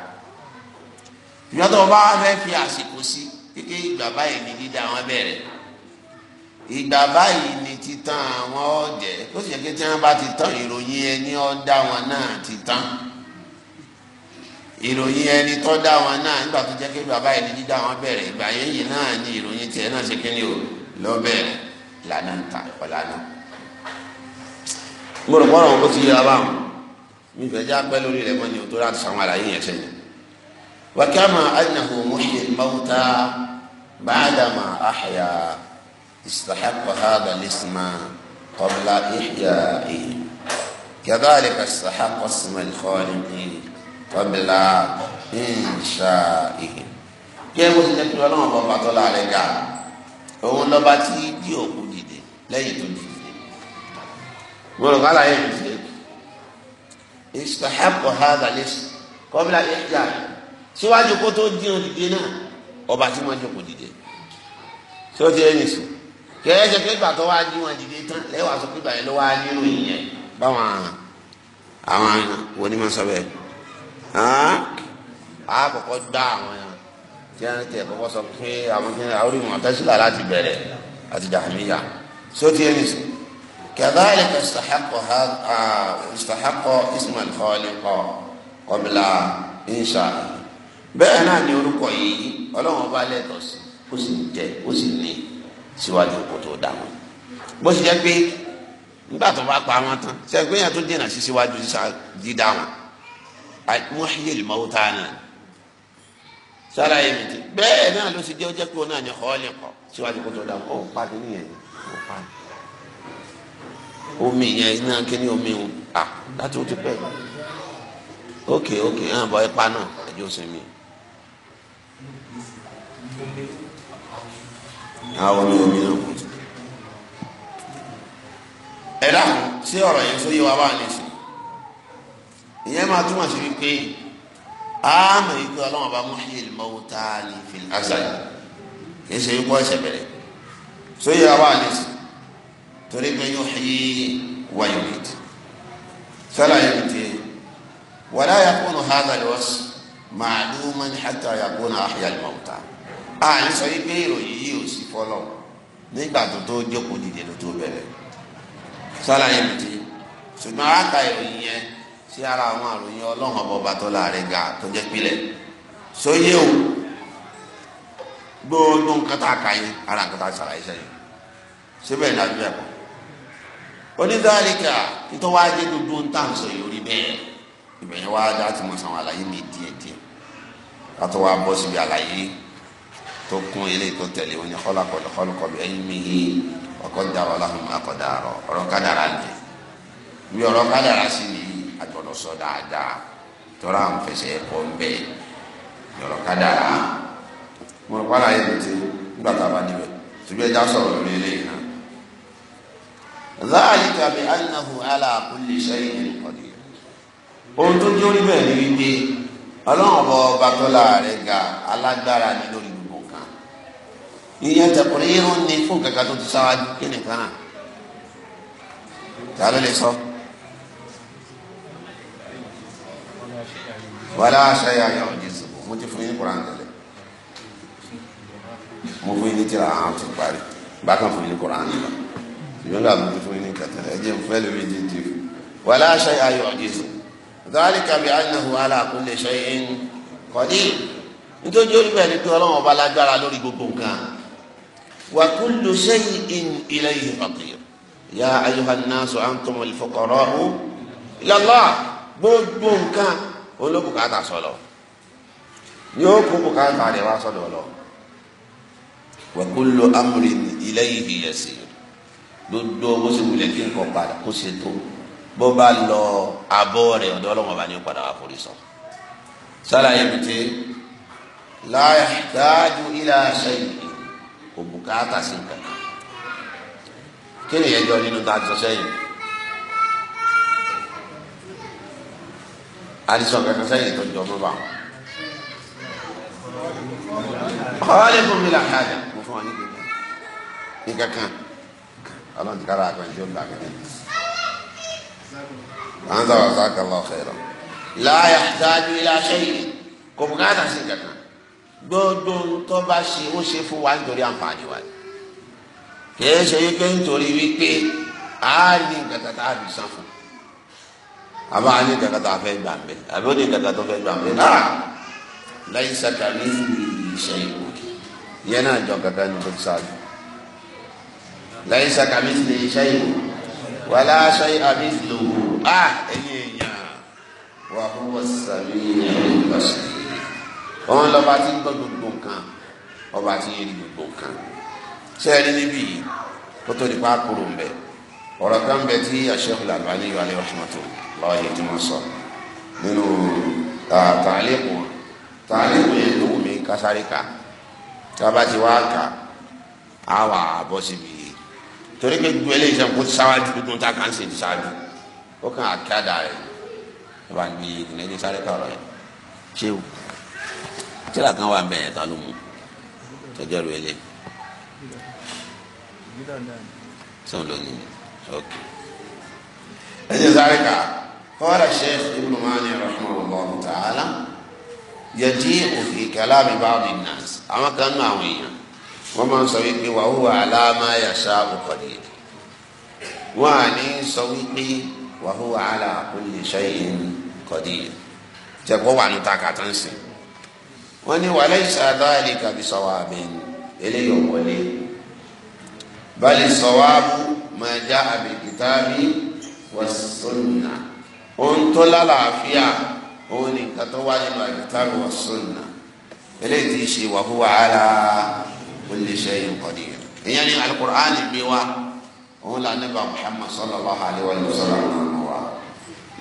ìyàtọ̀ ọba fẹ́ fi àsìkò sí kékeré ìgbà báyìí ni dídá wọn bẹ̀rẹ̀ ìgbà báyìí ni títàn àwọn ọ̀jẹ̀ ó sì yẹ kí tí wọ́n bá ti tán ìròyìn ẹni ọ̀dá wọn náà ti tán ìròyìn ẹni tó dá wọn náà nígbà tó jẹ́ pé bàbá ẹni dídá wọn bẹ̀rẹ̀ ìgbà yẹn yìí náà ni ìròyìn tiẹ̀ náà ṣe kíni o lọ bẹ̀rẹ̀ lànà ń ta ọ̀lànà. mo rò pọ́nrọ̀ kó ti yé abá wọn mi fẹ́ já pẹ́ lórí rẹ̀ mọ́ ni o tó láti sàwọn àlàyé yẹn sẹ́yìn. wákàmà annahu muhyi al-mawta ba'dama ahya istahaqqa hadha al-isma qabla ihya'ihi kadhalika istahaqqa isma al-khaliqi kọ́bìlà ìṣà ìhè. yẹ bó ti jẹ́ pé ọlọ́run bọ́ bàtọ́ láàrin ga òun lọ́ba tí jí òkú dìde lẹ́yìn tó dìde. mo rò kálá yẹn dìde. ìṣàhàpọ̀ hàdà lè kọ́bìlà ìṣà síwájú kó tó jí òun dìde náà ọba tí wọ́n jókòó dìde. tí ó ti rẹ́ nìṣó kẹ́ẹ́ ṣe pé gbàtọ́ wá jí wọn dìde tán lẹ́wàá sọ pé gbàyẹn ló wá nínú ìyẹn báwọn àwọn onímọ̀ sọ bẹ́ẹ̀ á kọ́kọ́ gbá àwọn yẹn tí wọ́n ti kọ́kọ́ sọ pé àwọn kí wọ́n rí mọ̀tẹ́sílà láti bẹ̀rẹ̀ àti jàmíyà sóti ẹni sùn كذلك استحق هذا استحق اسم الخالق قبل إنشائه bẹ́ẹ̀ náà ni orúkọ yìí ọlọ́run bá lẹ́tọ̀ọ́ sí ó sì ń jẹ ó sì ní síwájú kó tó bó ṣe jẹ́ pé nígbà tó bá pa wọn tán ṣe é pé yẹn tó dènà sí síwájú dídá wọn muhyil mawta náà sára yẹn ti bẹ́ẹ̀ náà ló ti jẹ́ ọjọ́ pé òun náà ní ọ̀ọ́lẹ̀ kọ síwájú kó tó dà ó pa kíní yẹn ó pa omi yẹn iná kíní omi wọn à láti ó ti pẹ́ ókè ókè hàn bọ́ ipa náà ẹjọ́ sinmi. àwọn omi omi náà kù. ẹ̀dá sí ọ̀rọ̀ yẹn sóyè wa wà ní ìsìn ìyẹn máa túmọ̀ sí wípé àmọ̀ ìgbé ọlọ́wọ́n bá muhyil mawta ní fil azali kì í ṣe ikú ẹsẹ̀ bẹ̀rẹ̀ sóyè àwa àlejò torí pé yuhyi wa yumit sọ́là yẹn ti wala yakunu hadha al-wasf ma'luman hatta yakuna ahya al-mawta à ń sọ yí pé ìròyìn yìí ò sí fọlọ́ nígbà tó tó jókòó dìde ló tó bẹ̀rẹ̀ sọ́là yẹn ti ṣùgbọ́n àkà ìròyìn yẹn sí ara àwọn àròyìn ọlọ́run ọba tó láàrin ga tó jẹ́ pilẹ̀ sóyè o gbogbo nǹkan tá a kà yín ara nǹkan tá a ṣàlàyé sẹ́yìn síbẹ̀ ní abíyẹ̀ kọ́ onídàálíkà nítorí wàá jẹ́ gbogbo ń tà ń sọ yìí orí bẹ́ẹ̀ ìbẹ̀yẹn wàá dá ti mọ̀ sáwọn àlàyé mi díẹ̀ díẹ̀ kátó wàá bọ́ síbi àlàyé tó kún eléyìí tó tẹ̀lé wọn ni kọ́lákọ̀lù kọ́lùkọ̀lù ẹ̀yìn mi hi ọkọ̀ dàrọ̀ ọlọ́run akọ̀ ọ̀rọ̀ kádàrà nìyẹn bí ọ̀rọ̀ kádàrà sí nìyí agbọ́dọ̀ sọ dáadáa tọ́ra àwọn fẹsẹ̀ kọ́ ń bẹ̀ yọ̀rọ̀ ká dára mo rò pàlà yẹn lòtí nígbà tá a bá níbẹ̀ ṣùgbọ́n ẹja sọ̀rọ̀ lórí eléyìí náà. láàyè tàbí annahu ala kulli shay'in qadir ohun tó jó rí ni wípé ọlọ́run bọ ọba tọ́lá rẹ̀ ga alágbára ni lórí gbogbo kan ìyẹn tẹkùnrin irun ni fún kankan tó ti sáwájú kí nìkan náà ta ló lè sọ. So? wàlá aṣáyà ayọ̀ jésù mo ti fún yín koran tẹ́lẹ̀ mo fún yín ní tíra àwọn ti parí bákan fún yín ní koran nílò ṣùgbọ́n gbà mo ti fún yín ní kẹtẹ́lẹ̀ ẹ jẹ́ fẹ́ lórí ti ti fún wàlá aṣáyà ayọ̀ jésù dhalika bi annahu ala kulli shay'in qadir nítorí ó bẹ̀rẹ̀ ní pé ọlọ́run ọba lágbára lórí gbogbo nǹkan wa kullu shay'in ilayhi faqir ya ayyuhan nasu antumul fuqara'u ila Allah gbogbo nǹkan olóbùkátà sọlọ yóò kó bùkátà rẹ wá sọ́dọ̀ lọ wa kullu amrin ilayhi yasir gbogbo bó ṣe wulẹ̀ kí nǹkan padà kó ṣe tó bó bá lọ abọ́ rẹ̀ ọ̀dọ́ ọlọ́wọ́n bá ní padà wá forí sọ. sálàyé mi ti la yahtaju ila shay'in kò bùkátà sí nǹkan kí ni ìyẹn jọ nínú tá a jọ sẹ́yìn. àdìsàn kankan sẹ́yìn tó jọ mọ́ bá wọn. ọ̀ọ́lẹ́ fún mi làkà àjà mo fún wa ní kékeré ní kankan ọlọ́run ti kára àkànjẹ́ ó làkàtà àwọn sábà sáàkà lọ xẹ́rọ̀ láàyà sáájú ilé aṣẹ́yìn kò bùkátà sí kankan gbogbo tó bá ṣe ó ṣe fún wa nítorí àǹfààní wa kì í ṣe wípé nítorí wípé àárín nǹkan tàbí sàn fún àbá ní kankan tó a fẹ́ gbà mbẹ àbí ó ní kankan tó fẹ́ gbà mbẹ náà láyé saka ní ìṣe ìwò yẹn náà jọ kankan ní tó ti sáájú láyé saka mi ti ìṣe ìwò wàlá aṣọ àbí ìlòwò a ẹ̀yìn èèyàn wà fúnwọ́ sàmì ìlọsí òun lọ́ba ti gbọ́ gbogbo nǹkan ọba ti yé gbogbo nǹkan sẹ́ẹ̀rí níbí kótó nípa kúrò ń bẹ̀ kan bẹ tí Sheikh Al-Albani yọ alẹ́ wàhálà lọ́ọ̀yẹ̀ tí wọ́n sọ nínú tààlẹ́kù tààlẹ́kù yẹn ló wù mí kásáré ká tába ti wá ká á wà bọ́ síbi yìí torí pé gbogbo eléyìí sẹ́wọ̀n kó sáwájú tuntun tá a kàn ń sèdí sáájú ó kàn á kíá dà rẹ̀ ìdílé e, ní sáré ká ṣé o tíra kan wà bẹ́ẹ̀ ta ló mú tọjọ́ rẹ̀ lé sọ́n lónìí ok ẹ jẹ́ قال الشيخ ابن ماني رحمه الله تعالى يجيء في كلام بعض الناس أما كان معويا ومن سويقي وهو على ما يشاء قدير وعني سويقي وهو على كل شيء قدير تقوى عن تاكاتنسي وني وليس ذلك بصواب إلي يوم ولي بل الصواب ما جاء بالكتاب والسنه ohun tó lálàáfíà òun ni nǹkan tó wá nínú al-Kitabu wa Sunnah eléyìí ti ṣe wa huwa ala kulli shay'in qadir ìyẹn ní al-Qur'ani gbé wa òun là níbà Muhammad sallallahu alayhi wa sallam ọmọ wa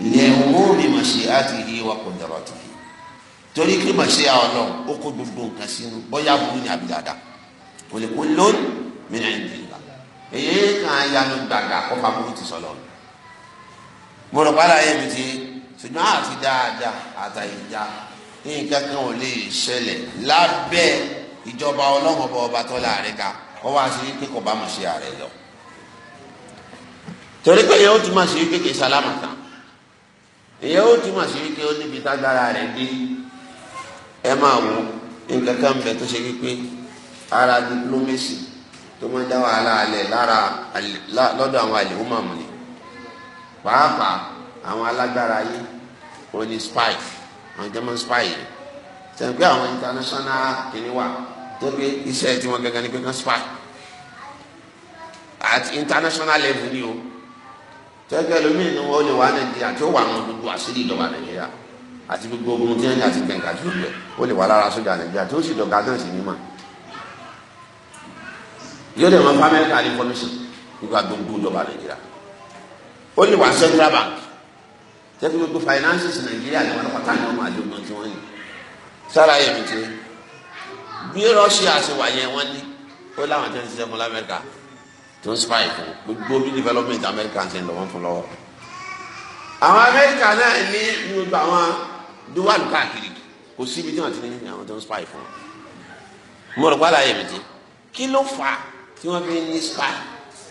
li'umumi mashi'atihi wa qudratihi torí kí màṣẹ Ọlọ́run ó kó gbogbo nǹkan sínú bóyá burú ni àbí kò lè kó lónìí min indillah èyí kàn yanu gbàgbà kó fa burú ti sọ lọ́run mo rò pálá yé mi ti ṣùgbọ́n àti dáadáa àtàyèjá nǹkan kan ò lè ṣẹlẹ̀ lábẹ́ ìjọba ọlọ́run ọba ọba tó láàrin ká wọ́n wá sí pé kò bá mọ̀ ṣe ààrẹ lọ. torí pé ìyẹn ó tún máa ṣe kéèké sálámà kan ìyẹn ó tún máa ṣe ó níbi tágbára rẹ̀ dé ẹ máa wo nǹkan kan bẹ̀ tó ṣe kéèké ara diplomacy tó máa dá wàhálà alẹ̀ lọ́dọ̀ àwọn àlè ó pàápàá àwọn alágbára yìí ó ní spy àwọn german spy yìí sẹ́yìn pé àwọn international kìíní wà tó pé iṣẹ́ tí wọ́n gẹ́gẹ́ ni pé kán spy at international level ni o tẹ́gbẹ́ lómìn ni wọ́n lè wà nàìjíríà tí ó wà àwọn gbogbo àṣírí ìjọba nàìjíríà àti gbogbo ogun tí wọ́n ní àti gbẹ̀ǹkà tí ó lẹ̀ ó lè wà lára sójà nàìjíríà tí ó sì dọ̀gá náà sí mímọ́ yóò dẹ̀ mọ́ fún amẹ́ríkà ní kọ́míṣọ̀n nípa gbogbo ìjọba nàìjíríà. Only one central bank tẹ́kí gbogbo finances nàìjíríà ni wọ́n pátá ní ọmọ àjọgbọ́n tí wọ́n ní sára yẹn mi ti bí russia ṣe wà yẹn wọ́n ní ó láwọn tó ń ṣiṣẹ́ fún lamẹ́ríkà tó ń spy fún gbogbo bí development America ṣe ń lọ wọ́n fún lọ́wọ́ àwọn amẹ́ríkà náà ní gbogbo àwọn dual káàkiri kò síbi tí wọ́n ti ní àwọn tó ń spy fún wọn mo rò pàdé ayé mi ti kí ló fà á tí wọ́n fi ní spy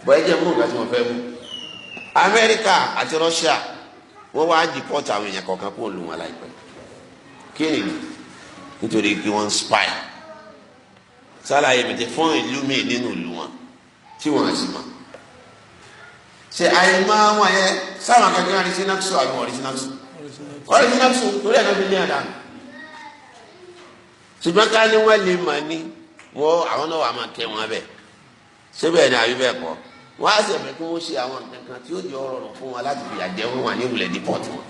bọ́ ẹ jẹ́ mú nǹkan tí wọ́n fẹ́ mú amẹ́ríkà àti russia wọ́n wá dìpọ́tì àwọn èèyàn kọ̀ọ̀kan kó lù wọn láìpẹ́ kí ni nítorí pé wọ́n ń spy sálàyé bìtẹ̀ fún ìlú mi nínú ìlú wọn tí wọ́n sì mọ̀ ṣe àyèmá wọn yẹ sáwọn akẹ́kẹ́ original sọ àbí original sọ original sọ torí ẹ̀ka fi ní àdánù ṣùgbọ́n ká ní wọ́n lè mọ̀ ní wọ́n àwọn náà wà máa kẹ́ wọn bẹ́ẹ̀ ṣé bẹ́ẹ̀ ni àbí bẹ́ẹ̀ kọ́ wọ́n á sẹ̀fẹ̀ kí wọ́n ṣe àwọn nǹkan kan tí ó jẹ́ ọ̀rọ̀ fún wọn láti fìyà jẹ wọn wà ní ìwúlẹ̀ dípọ̀tì wọn.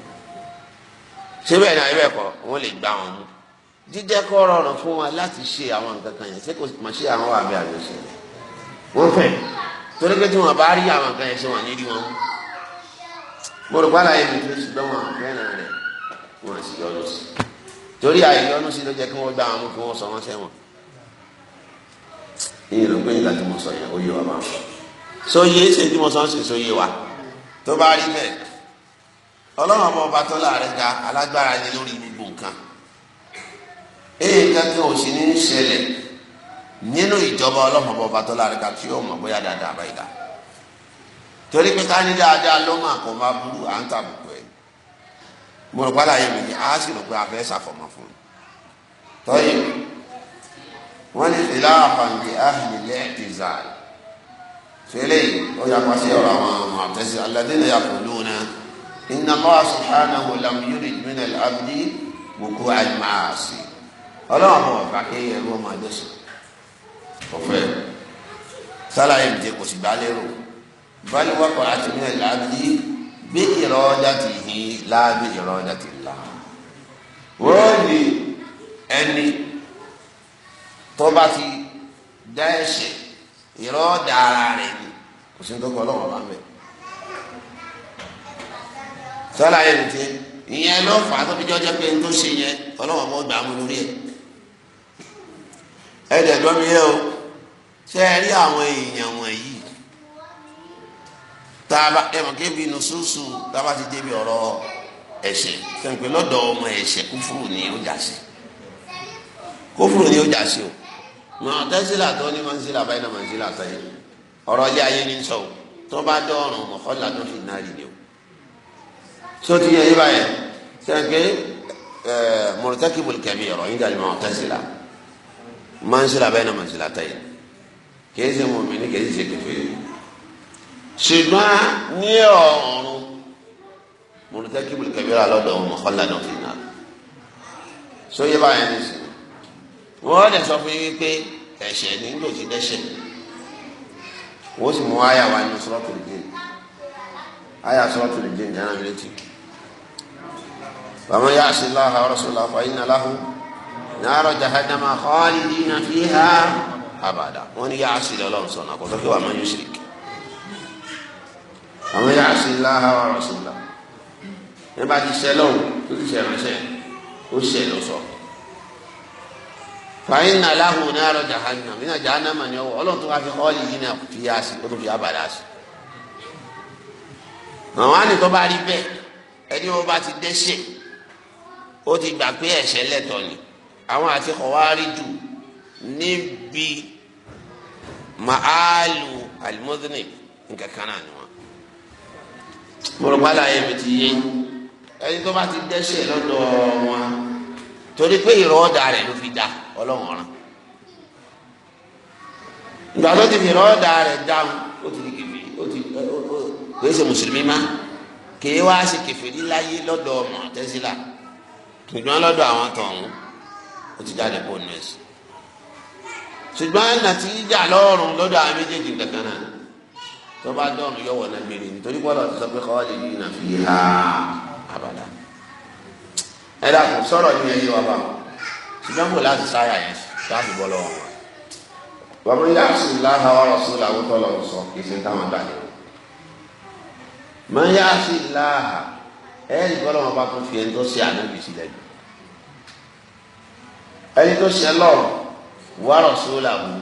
síbẹ̀ náà ibẹ̀ kọ́ wọ́n lè gbá wọn mú jíjẹ́ kọ́ rọrùn fún wọn láti ṣe àwọn nǹkan kan yẹn ṣé kò mọ̀ ṣe àwọn àbí àbí òṣèlú wọ́n fẹ́ torí pé tí wọ́n bá rí àwọn nǹkan yẹn ṣe wọ́n ní rí wọn mú. mo rò pálá yẹn tuntun ṣùgbọ́n wọn fẹ́ràn rẹ̀ wọ́n sì yọnu sí torí àìyọnu sí ló jẹ́ kí wọ́n gbá wọn mú kí wọ́n sọ wọ́n sẹ́wọ̀n. ìyẹn ló gbé ìgbà tí mo sọ yẹn ó yẹ wà máa fọ́ sóyè ẹsẹ̀ tí mo sọ ń sè sóyè wa tó bá rí bẹ́ẹ̀ ọlọ́run ọmọ ọba tó láàrin ga alágbára ni lórí gbogbo nǹkan èyí kankan ò sì ní í ṣẹlẹ̀ nínú ìjọba ọlọ́run ọba tó láàrin ga tí yóò mọ̀ bóyá dáadáa báyìí dá torí pé ká ní dáadáa ló mà kó má burú à ń tàbùkù ẹ̀ mo rò pálá yẹn mi ni a sì rò pé a fẹ́ ṣàfọ̀mọ́ fún un tọ́yìn wọ́n ní fìlà àfàǹdì àhìnlẹ̀ ẹ̀dínzàlì sẹ́lẹ̀ yìí ó yà pàṣẹ ọ̀rọ̀ àwọn Mu'tazila alladhina yaquluna inna Allah subhanahu lam yurid min al-abdi wuku' al-ma'asi ọlọ́run àwọn ọ̀gá kí ẹrú ọmọ àdéṣe ọ̀fẹ́ sálàyé mi jẹ́ kò sì gbálẹ́ rò bal waqa'at min al-abdi bi iradatihi la bi iradatillah wọ́n ní ẹni tó bá ti dá ẹ̀ṣẹ̀ irọ́ dára rẹ̀ ni kò sí ní tó kọ́ ọlọ́wọ́n bá ń bẹ̀. sọ́la yẹn ti ìyẹn ló fà á tó fi jọjọ pé n tó ṣe yẹn ọlọ́wọ́n mọ́ gbà á mú lórí ẹ̀. ẹ dẹ̀ gbọ́ mi yẹ o ṣé ẹ rí àwọn èèyàn wọ̀nyí tá a bá ẹ mọ̀ kébi nùsùsù tá a bá ti débi ọ̀rọ̀ ẹ̀ṣẹ̀ sẹ́ńpẹ́ lọ́dọ̀ ọmọ ẹ̀ṣẹ̀ kúfùrù ni ó jà sí kúfùrù ni ó jà sí o mọ̀tẹ́sílà tó ní mọ̀nsílà báyìí náà mọ̀nsílà sẹ́yìn ọ̀rọ̀ ilé ayé ní sọ̀wọ́ tó bá dọ̀ọ̀rùn mọ̀kànlá tó fi náà rìn ní o. tó ti yẹ yí báyẹn sẹ́ńpé mọ̀tẹ́kìbùl kẹ̀mí ọ̀rọ̀ yín dàbí mọ̀tẹ́sílà mọ̀nsílà báyìí náà mọ̀nsílà sẹ́yìn kìí ṣe mọ̀mìnì kìí ṣe kẹfẹ́ ṣùgbọ́n ní ọ̀run mọ̀tẹ́kìbùl kẹ̀mí ọ̀rọ̀ lọ́dọ̀ mọ̀kànlá tó fi náà sọ yẹ báyẹn ní sìn wọ́n lè sọ fún yín pé ẹ̀ṣẹ̀ ní lòdì lẹ́ṣẹ̀ wọ́n sì mú àyà wa ní sọ́ọ̀tù lè àyà sọ́ọ̀tù lè jẹ́ ìyára mi létí. bàmọ́ yá sí láha ọ̀rọ̀sọ̀lá fàyín aláhu nàárọ̀ jahannama khalidina fiha abada wọ́n ní yá sí lọ́lọ́run sọ̀nà kò sọ́kè wà má yóò ṣèké. bàmọ́ yá sí láha ọ̀rọ̀sọ̀lá nígbà tí sẹ́lọ̀ tó ti sẹ̀ránṣẹ́ ó fàyín náà aláhùn náà rọ jahannam iná jahannam ni ọwọ Ọlọ́run tó wá fi ọọlì yìí náà fi yá sí ó tó fi abàdá sí. àwọn ànìtọ́ bá rí bẹ́ẹ̀ ẹni wọn bá ti dẹ́ṣẹ̀ ó ti gbà pé ẹ̀ṣẹ̀ lẹ́tọ̀ ni àwọn àti kọ̀wárí jù níbi màálù alimọ́dúnì nǹkan kan náà ni wọn. mo rò mi ti yé ẹni tó bá ti dẹ́ṣẹ̀ lọ́dọ̀ wọn torí pé ìrọ̀ ọ̀dà rẹ̀ ló fi dáa ọlọ́run ọ̀ràn ìgbà tó ti fi rọ́ọ̀dà rẹ̀ dáhùn ó ti kìfì ó ti kò ṣe mùsùlùmí má kìí wá ṣe kèfèrí láyé lọ́dọ̀ Mu'tazila ṣùgbọ́n lọ́dọ̀ àwọn tọ̀hún ó ti jáde bó nù ẹ̀sìn ṣùgbọ́n nàti ìjà lọ́rùn lọ́dọ̀ àwọn méjèèjì kankan náà tó bá dọ̀rùn yọ̀wọ̀ náà gbére nítorí pọ́lá ti sọ pé kọ́wá lè yí nàfi ha abàdà ẹ dàkú sọ̀rọ̀ yín ẹ yé wa báwọn ṣùgbọ́n bò láti sáyà yẹn láti bọ́ lọ́wọ́ wọn. bàbá yá sí láha wa rasúlà àwọn tọ́lọ̀ sọ kì í ṣe táwọn gbà lérò. mọ yá sí láha ẹ̀ẹ́dì bọ́lá wọn bá tún fi ẹni tó ṣe ànábì sílẹ̀ jù. ẹni tó ṣe lọ́rọ̀ wa rasúlà àwọn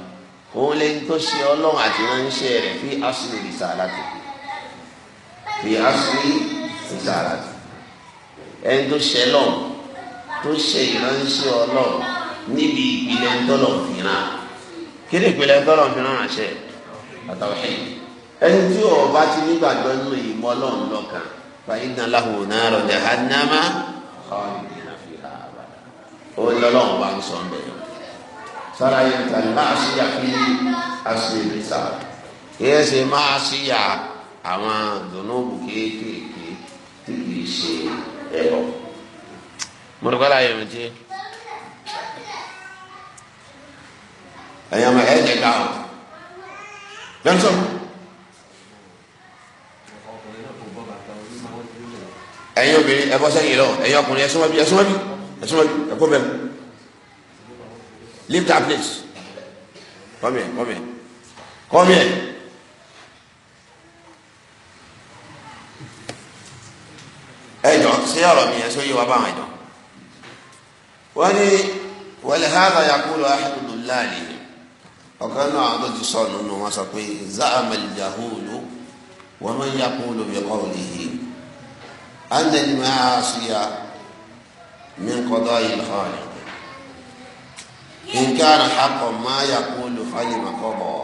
òun lẹni tó ṣe ọlọ́run àti ránṣẹ́ rẹ̀ fi asúlì ìsà láti fi asúlì ìsà láti ẹni tó ṣe lọ́rọ̀ tó ṣe ìránṣẹ́ ọlọ́run níbi ìpìlẹ̀ ńtọ́lọ̀ fìràn kí ni ìpìlẹ̀ ńtọ́lọ̀ fìràn ránṣẹ́ àtàwọ̀hẹ́ ẹni tí ó bá ti nígbàgbọ́ nínú ìmọ̀ ọlọ́run lọ́kàn fàyínà láhùn náà rọ̀ jahannama khalidina fiha abada ó bá ń sọ ń bẹ̀rẹ̀ sára yẹn tàbí máa ṣe àfihàn àṣìṣe ìrìnsà kí ṣe máa ṣíyà àwọn dùnúbù kéékèèké tí kì ṣe ẹ̀rọ mo rò kọ́lá yẹn mi ti. ẹ̀yin ọmọ ẹ̀ lè ga o lọ́sọ̀. ẹ̀yin obìnrin ẹ bọ́ sẹ́yìn lọ ẹ̀yin ọkùnrin ẹ súnmọ́ bí ẹ súnmọ́ bí ẹ súnmọ́ bí ẹ kó bẹ́ẹ̀ leave that place come here come here come here. ẹ jọ sí ọ̀rọ̀ mi yẹn sọ yìí wá bá àwọn ẹjọ wọ́n ní wọ́lẹ̀ hàdà yakúlù ahadùláàlì ọ̀kan náà àwọn tó ti sọ nínú wọn sọ pé záàmà yahulu wọ́n máa ń yakúlù bí kọ́ òlìhì anẹ́ni máa ṣíya min kọ́dọ̀ yìí lọ́wọ́ إن كان حقا ما يقول فلم قضى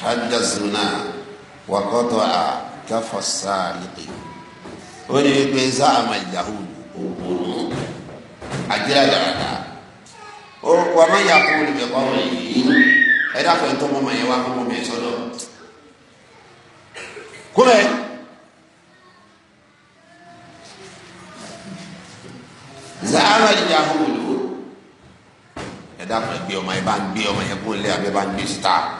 حد الزنا وقطع كف السارق. ولي بزعم اليهود àjẹ́ àdàràdà ó wà má yà kó olùbẹ̀ kọ́ ọ̀rọ̀ yìí ẹ dákọ̀ ẹ̀ tó mọ́ mọ́ yẹn wá kó mọ́ mọ́ yẹn sọ́dọ̀ kúrẹ́ zahara yìí yà kó olùwò ẹ dákọ̀ gbé ọmọ yẹn bá ń gbé ọmọ yẹn kó lé abẹ́ bá ń gbé sítáà.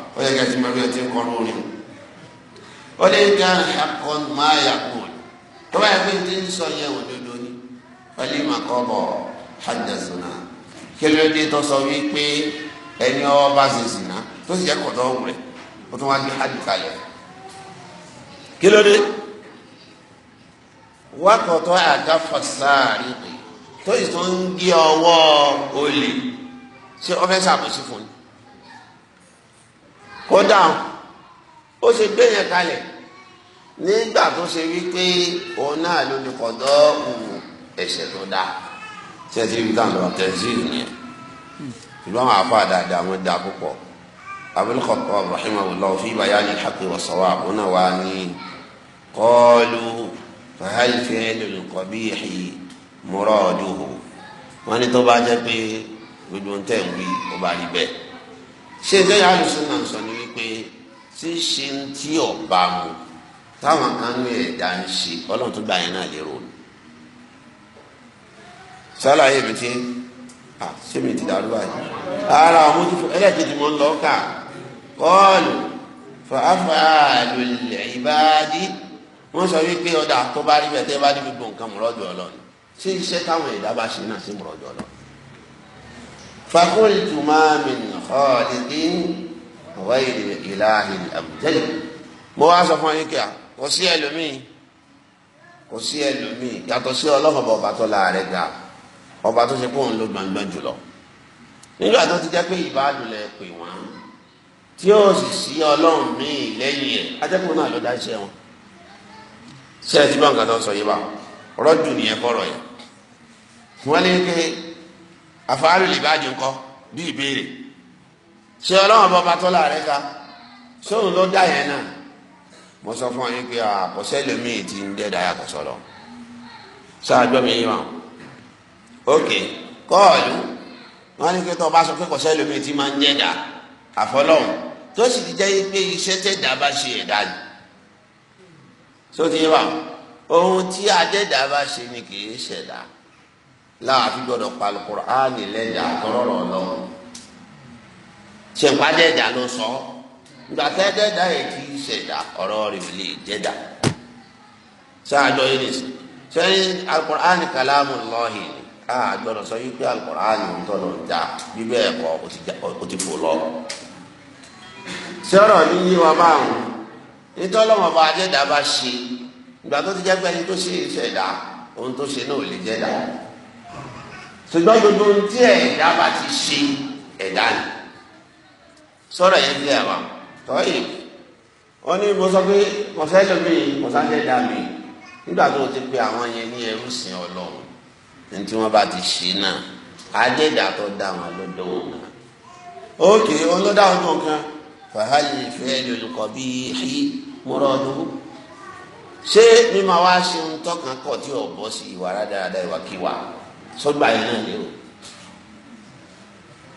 ó yẹ kí ẹ ti máa bí ẹ ti ń kọ́ lórí o ó lè ká akọ́nù máa yà kú tó bá yẹ pé ní ti ń sọ yẹ òdodo ni pẹ̀lú ìmọ̀kọ́bọ̀ hajjasuna kí ló dé tó sọ wípé ẹni ọba ṣe sìnà tó sì jẹ́ kọ̀tọ́ rẹ̀ ó tún wá ní hajj kalẹ̀ kí ló dé wákọ̀tọ́ tó sì tún ń gé ọwọ́ olè ṣé ọ fẹ́ ṣàbòsí fún un kódà ó ṣe gbé yẹn kalẹ̀ nígbà tó ṣe wípé òun náà ló ní kọ̀dọ́ òun ẹ̀ṣẹ̀ tó dáa tí ẹ ti rí ká lọ tẹ̀síì nìyẹn ṣùgbọ́n àwọn afọ àdáadáa wọn dáa púpọ̀ Abul Khattab rahimahullah fi bayani al-haqqi was-sawab náà wà ní qalu fa hal fi'lu al-qabihi wọn ni tó bá jẹ́ pé gbogbo ń tẹ̀ wí ó bá rí bẹ́ẹ̀ ṣé ẹjọ́ yà á lè sún náà sọ ni wípé ṣíṣe ń tí ọ̀bà mu táwọn kan ní ẹ̀dá ń ṣe ọlọ́run tó gbà yẹn náà lérò ni. sálàyé mi ti ṣé mi ti dàrú àyè ara àwọn ojú ẹlẹ́kejì mo ń lọ kà kọ́ọ̀lù fàáfàálù ìbáàdí wọ́n sọ wípé ọ̀dà tó bá rí bẹ́ẹ̀ tẹ́ bá rí gbogbo nǹkan mọ̀rọ́dọ̀ ọlọ́run ṣé iṣẹ́ táwọn ẹ̀dá bá ṣe náà ṣe mọ̀rọ́dọ̀ ọlọ́run. فقلت ما من خالق غير إله الأبدل mo wá sọ fún yín kí a kò sí ẹlòmíì kò sí ẹlòmíì yàtọ̀ sí ọlọ́run ọba tó láàrẹ̀ ga ọba tó ṣe pé òun ló gbangban jùlọ nígbà tó ti jẹ́ pé ìbádùn lẹ pè wọ́n tí ó sì sí ọlọ́run míì lẹ́yìn ẹ̀ ajẹ́kùn náà ló dá iṣẹ́ wọn ṣé ẹ ti bá nǹkan tó sọ yìí bá rọ́jù nìyẹn kọ̀rọ̀ yẹn wọ́n ní pé àfọwárò lè bá bi kọ bí ìbéèrè ṣé ọlọ́run bọ́ bá tọ́lá rẹ ká sóun ló dá yẹn náà mo sọ fún ọ yín pé àkọsẹ́ lèmi ti ń dẹ́dà yàtọ̀ sọ̀rọ̀ sáájọ́ mi yín wọn. ok kọ́ọ̀lù wọn ní kí tó bá sọ pé kọ̀sẹ́ lèmi ti máa ń dẹ́dà àfọlọ́hùn tó sì ti jẹ́ pé iṣẹ́ tẹ̀dá bá ṣe ẹ̀dá ni só ti yín wọn ohun tí adẹ́dà bá ṣe ni kì í ṣẹ̀dá láàfin gbọ́dọ̀ pa Al-Qur'ani lẹ́jà tọrọrọ lọ ṣèpàdéjà ló sọ gbàtẹdẹdà yẹ kí ṣẹdá ọ̀rọ̀ rẹ̀ lè dẹdà sáájọ yìí nìsí sẹyìn Al-Qur'ani kalamullahi a gbọ́dọ̀ sọ yìí pé Al-Qur'ani ń tọ̀nà já bíbẹ́ ẹ̀kọ́ ó ti fò lọ. sọ̀rọ̀ ní yí wọn bá wọn nítọ́lọ́mọ̀ bá adẹ́dà bá ṣe ìgbà tó ti jẹ́ pé ẹni tó ṣe ìṣẹ̀dá ohun tó ṣe náà lè jẹ́ dáa ṣùgbọ́n gbogbo ohun tí ẹ̀dá bá ti ṣe ẹ̀dá ni sọ̀rọ̀ yẹn ti ẹ̀wà tọ́yì wọ́n ní mo sọ pé mo fẹ́ lọ bí mo sáfẹ́ dá mi nígbà tó o ti pe àwọn yẹn ní ẹrú sìn ọlọ́run ní tí wọ́n bá ti ṣe náà adéda tó dá wọn lọ́dọ̀ wọn náà ókè ọdún kan fàhálì ìfẹ́ lolùkọ́ bí ṣí múra ọdún ṣé mímọ wá ṣe ń tọkàn kọ tí ò bọ́ sí ìwà rádaràda ìwàkiwà sọgbà yẹn náà lérò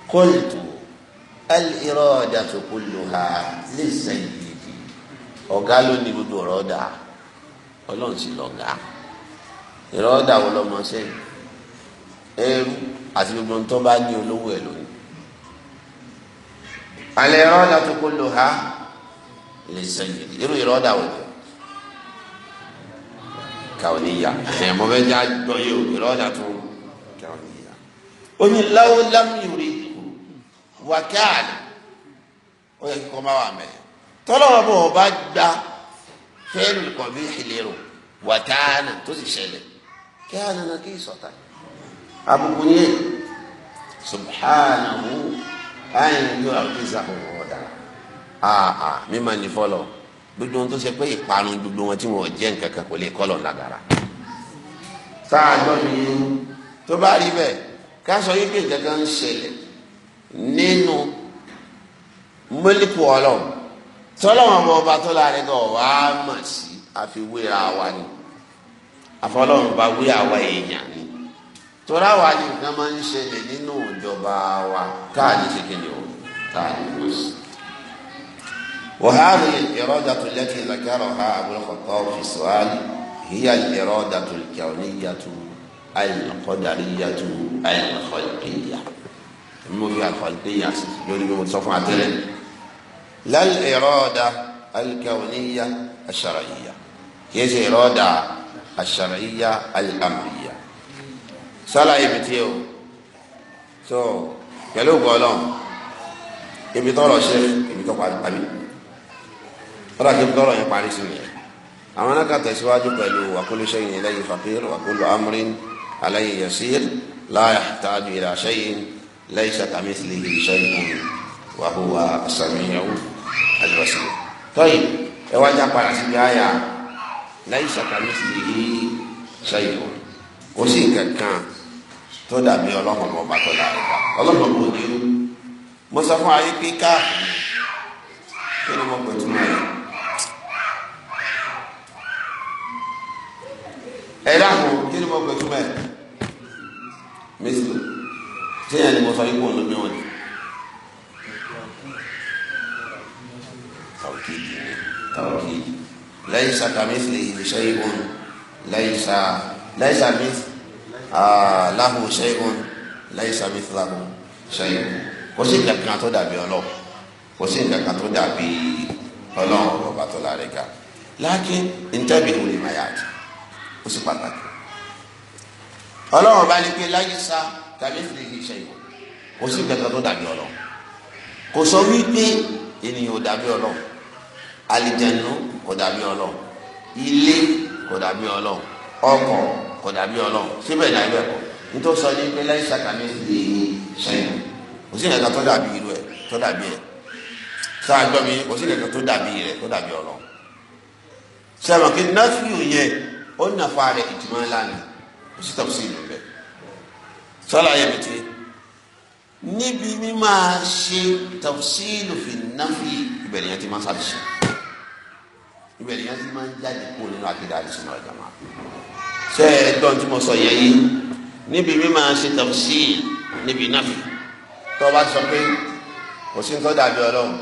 kóòtù ẹlẹ́rọ ọ̀dà tó kú lò ha lè sẹ́yìn ọ̀gá ló ní gbogbo ọ̀rọ̀ ọ̀dà ọlọ́run sì lọ̀gá ìrọ̀ ọ̀dà wọn lọ́mọ sẹ́yìn ẹrú àti gbogbo tó bá ní olówó ẹ lónìí alẹ́ ìrọ̀ ọ̀dà tó kú lò ha lè sẹ́yìn irú ìrọ̀ ọ̀dà wọn kàwọn níyà ẹ̀ mọ́ gbọ́ yìí ìrọ̀ ọ̀dà tó ó ní láwọ lámìrì wákàlì ó yẹ kí kọ́ máa wà mẹ́ tọ́lọ́wọ́ bọ̀ ọba gba fẹ́ẹ́lì kan bí ìlérò wákàlì tó sì ṣẹlẹ̀ kí á nana kí sọ̀tà àbùkù ni yẹn subhanahu ayin yóò àwùjọ ọ̀dà àà mímọ ní fọlọ gbogbo tó ṣe pé ìparun gbogbo wọn tí wọn jẹ nǹkan kò lè kọlọ lágara sáà jọ mi tó bá rí bẹ́ẹ̀ ká sọ yí pé nǹkan kan ń ṣẹlẹ̀ nínú mílíkù ọlọ́run tọ́lọ́wọ́n ọmọ ọba tó láre gan wá mọ̀ sí àfiwéra wa ni àfọlọ́run bá wé àwa èèyàn ni tọ́lá wa ni nǹkan máa ń ṣẹlẹ̀ nínú ìjọba wa káàdì ṣe kéde o káàdì mọ̀ sí. وهذه الإرادة التي ذكرها أبو الخطاب في السؤال هي الإرادة الكونية alikọdariyatu alikọlikiya èmi mo fi alikọlikiya sí lórí mi mo sọ fún atẹlẹ lali ìrọ̀dà alikawuniya asharaiya kìí ṣe ìrọ̀dà asharaiya alamriya sálà o so pẹ̀lú gbọ́lọ́n ibi tọrọ ṣe ibi tọ́ parí tọ́lá kí n tọrọ yẹn parí sí mi àwọn anáka tẹ̀síwájú pẹ̀lú wa kullu shay'in عليه يسير لا يحتاج إلى شيء ليس كمثله شيء وهو السميع البصير طيب إواجه قال سبيايا ليس كمثله شيء وسيك كان tó dàbí ọlọ́mọ̀mọ́ ọba tó dàbí ọba ọlọ́mọ̀mọ́ onírú mo sọ fún ayé pé káàkiri kí ni mo pè tó máa yẹ. ẹ dákun kí ni mo pè tó máa yẹ téèyàn ni mo sọ yín kó ń lọ mẹ́wọ̀n ni. tawkidi ni tawkidi laisa kamithlihi shay'un laisa laisa mith ah, lahu shay'un laisa mithlahu shay'un kò sí nǹkan kan tó dàbí Ọlọ́run kò sí nǹkan kan tó dàbí Ọlọ́run ọba tó láre ga lákì ntẹ́bi olùmọ̀yàtì ó sì pàtàkì Ọlọ́run bá ní pé láyé sá tàbí fìlìfì ṣẹyìn kò sí kankan tó dàbí ọlọ kò sọ wípé ènìyàn ò dàbí ọlọ alìjẹnu kò dàbí ọlọ ilé kò dàbí ọlọ ọkọ kò dàbí ọlọ síbẹ̀ náà ibẹ̀ kọ nítorí sọ ní pé lẹ́yìn sàkàmì fìlìfì ṣẹyìn kò sí kankan tó dàbí irú ẹ tó dàbí ẹ sáà gbọ́ mi kò sí kankan tó dàbí rẹ tó dàbí ọlọ sẹ́wọ̀n kí náfíù yẹn ó nàfa rẹ̀ ìdìmọ̀ ńlá ni kò sí tàbí sí ìlú b sọláyé mi ti níbi mi máa ṣe tafsilu fi nafi ìbẹ̀rẹ̀ yẹn ti máa ṣàbíṣe ìbẹ̀rẹ̀ yẹn ti máa ń jáde kúrò nínú akéde àdìsínú ọjà máa ṣe é dán tí mo sọ yẹn yìí níbi mi máa ṣe tafsilu níbi nafi tó o bá sọ pé kò sí nítorí dàbí ọlọ́run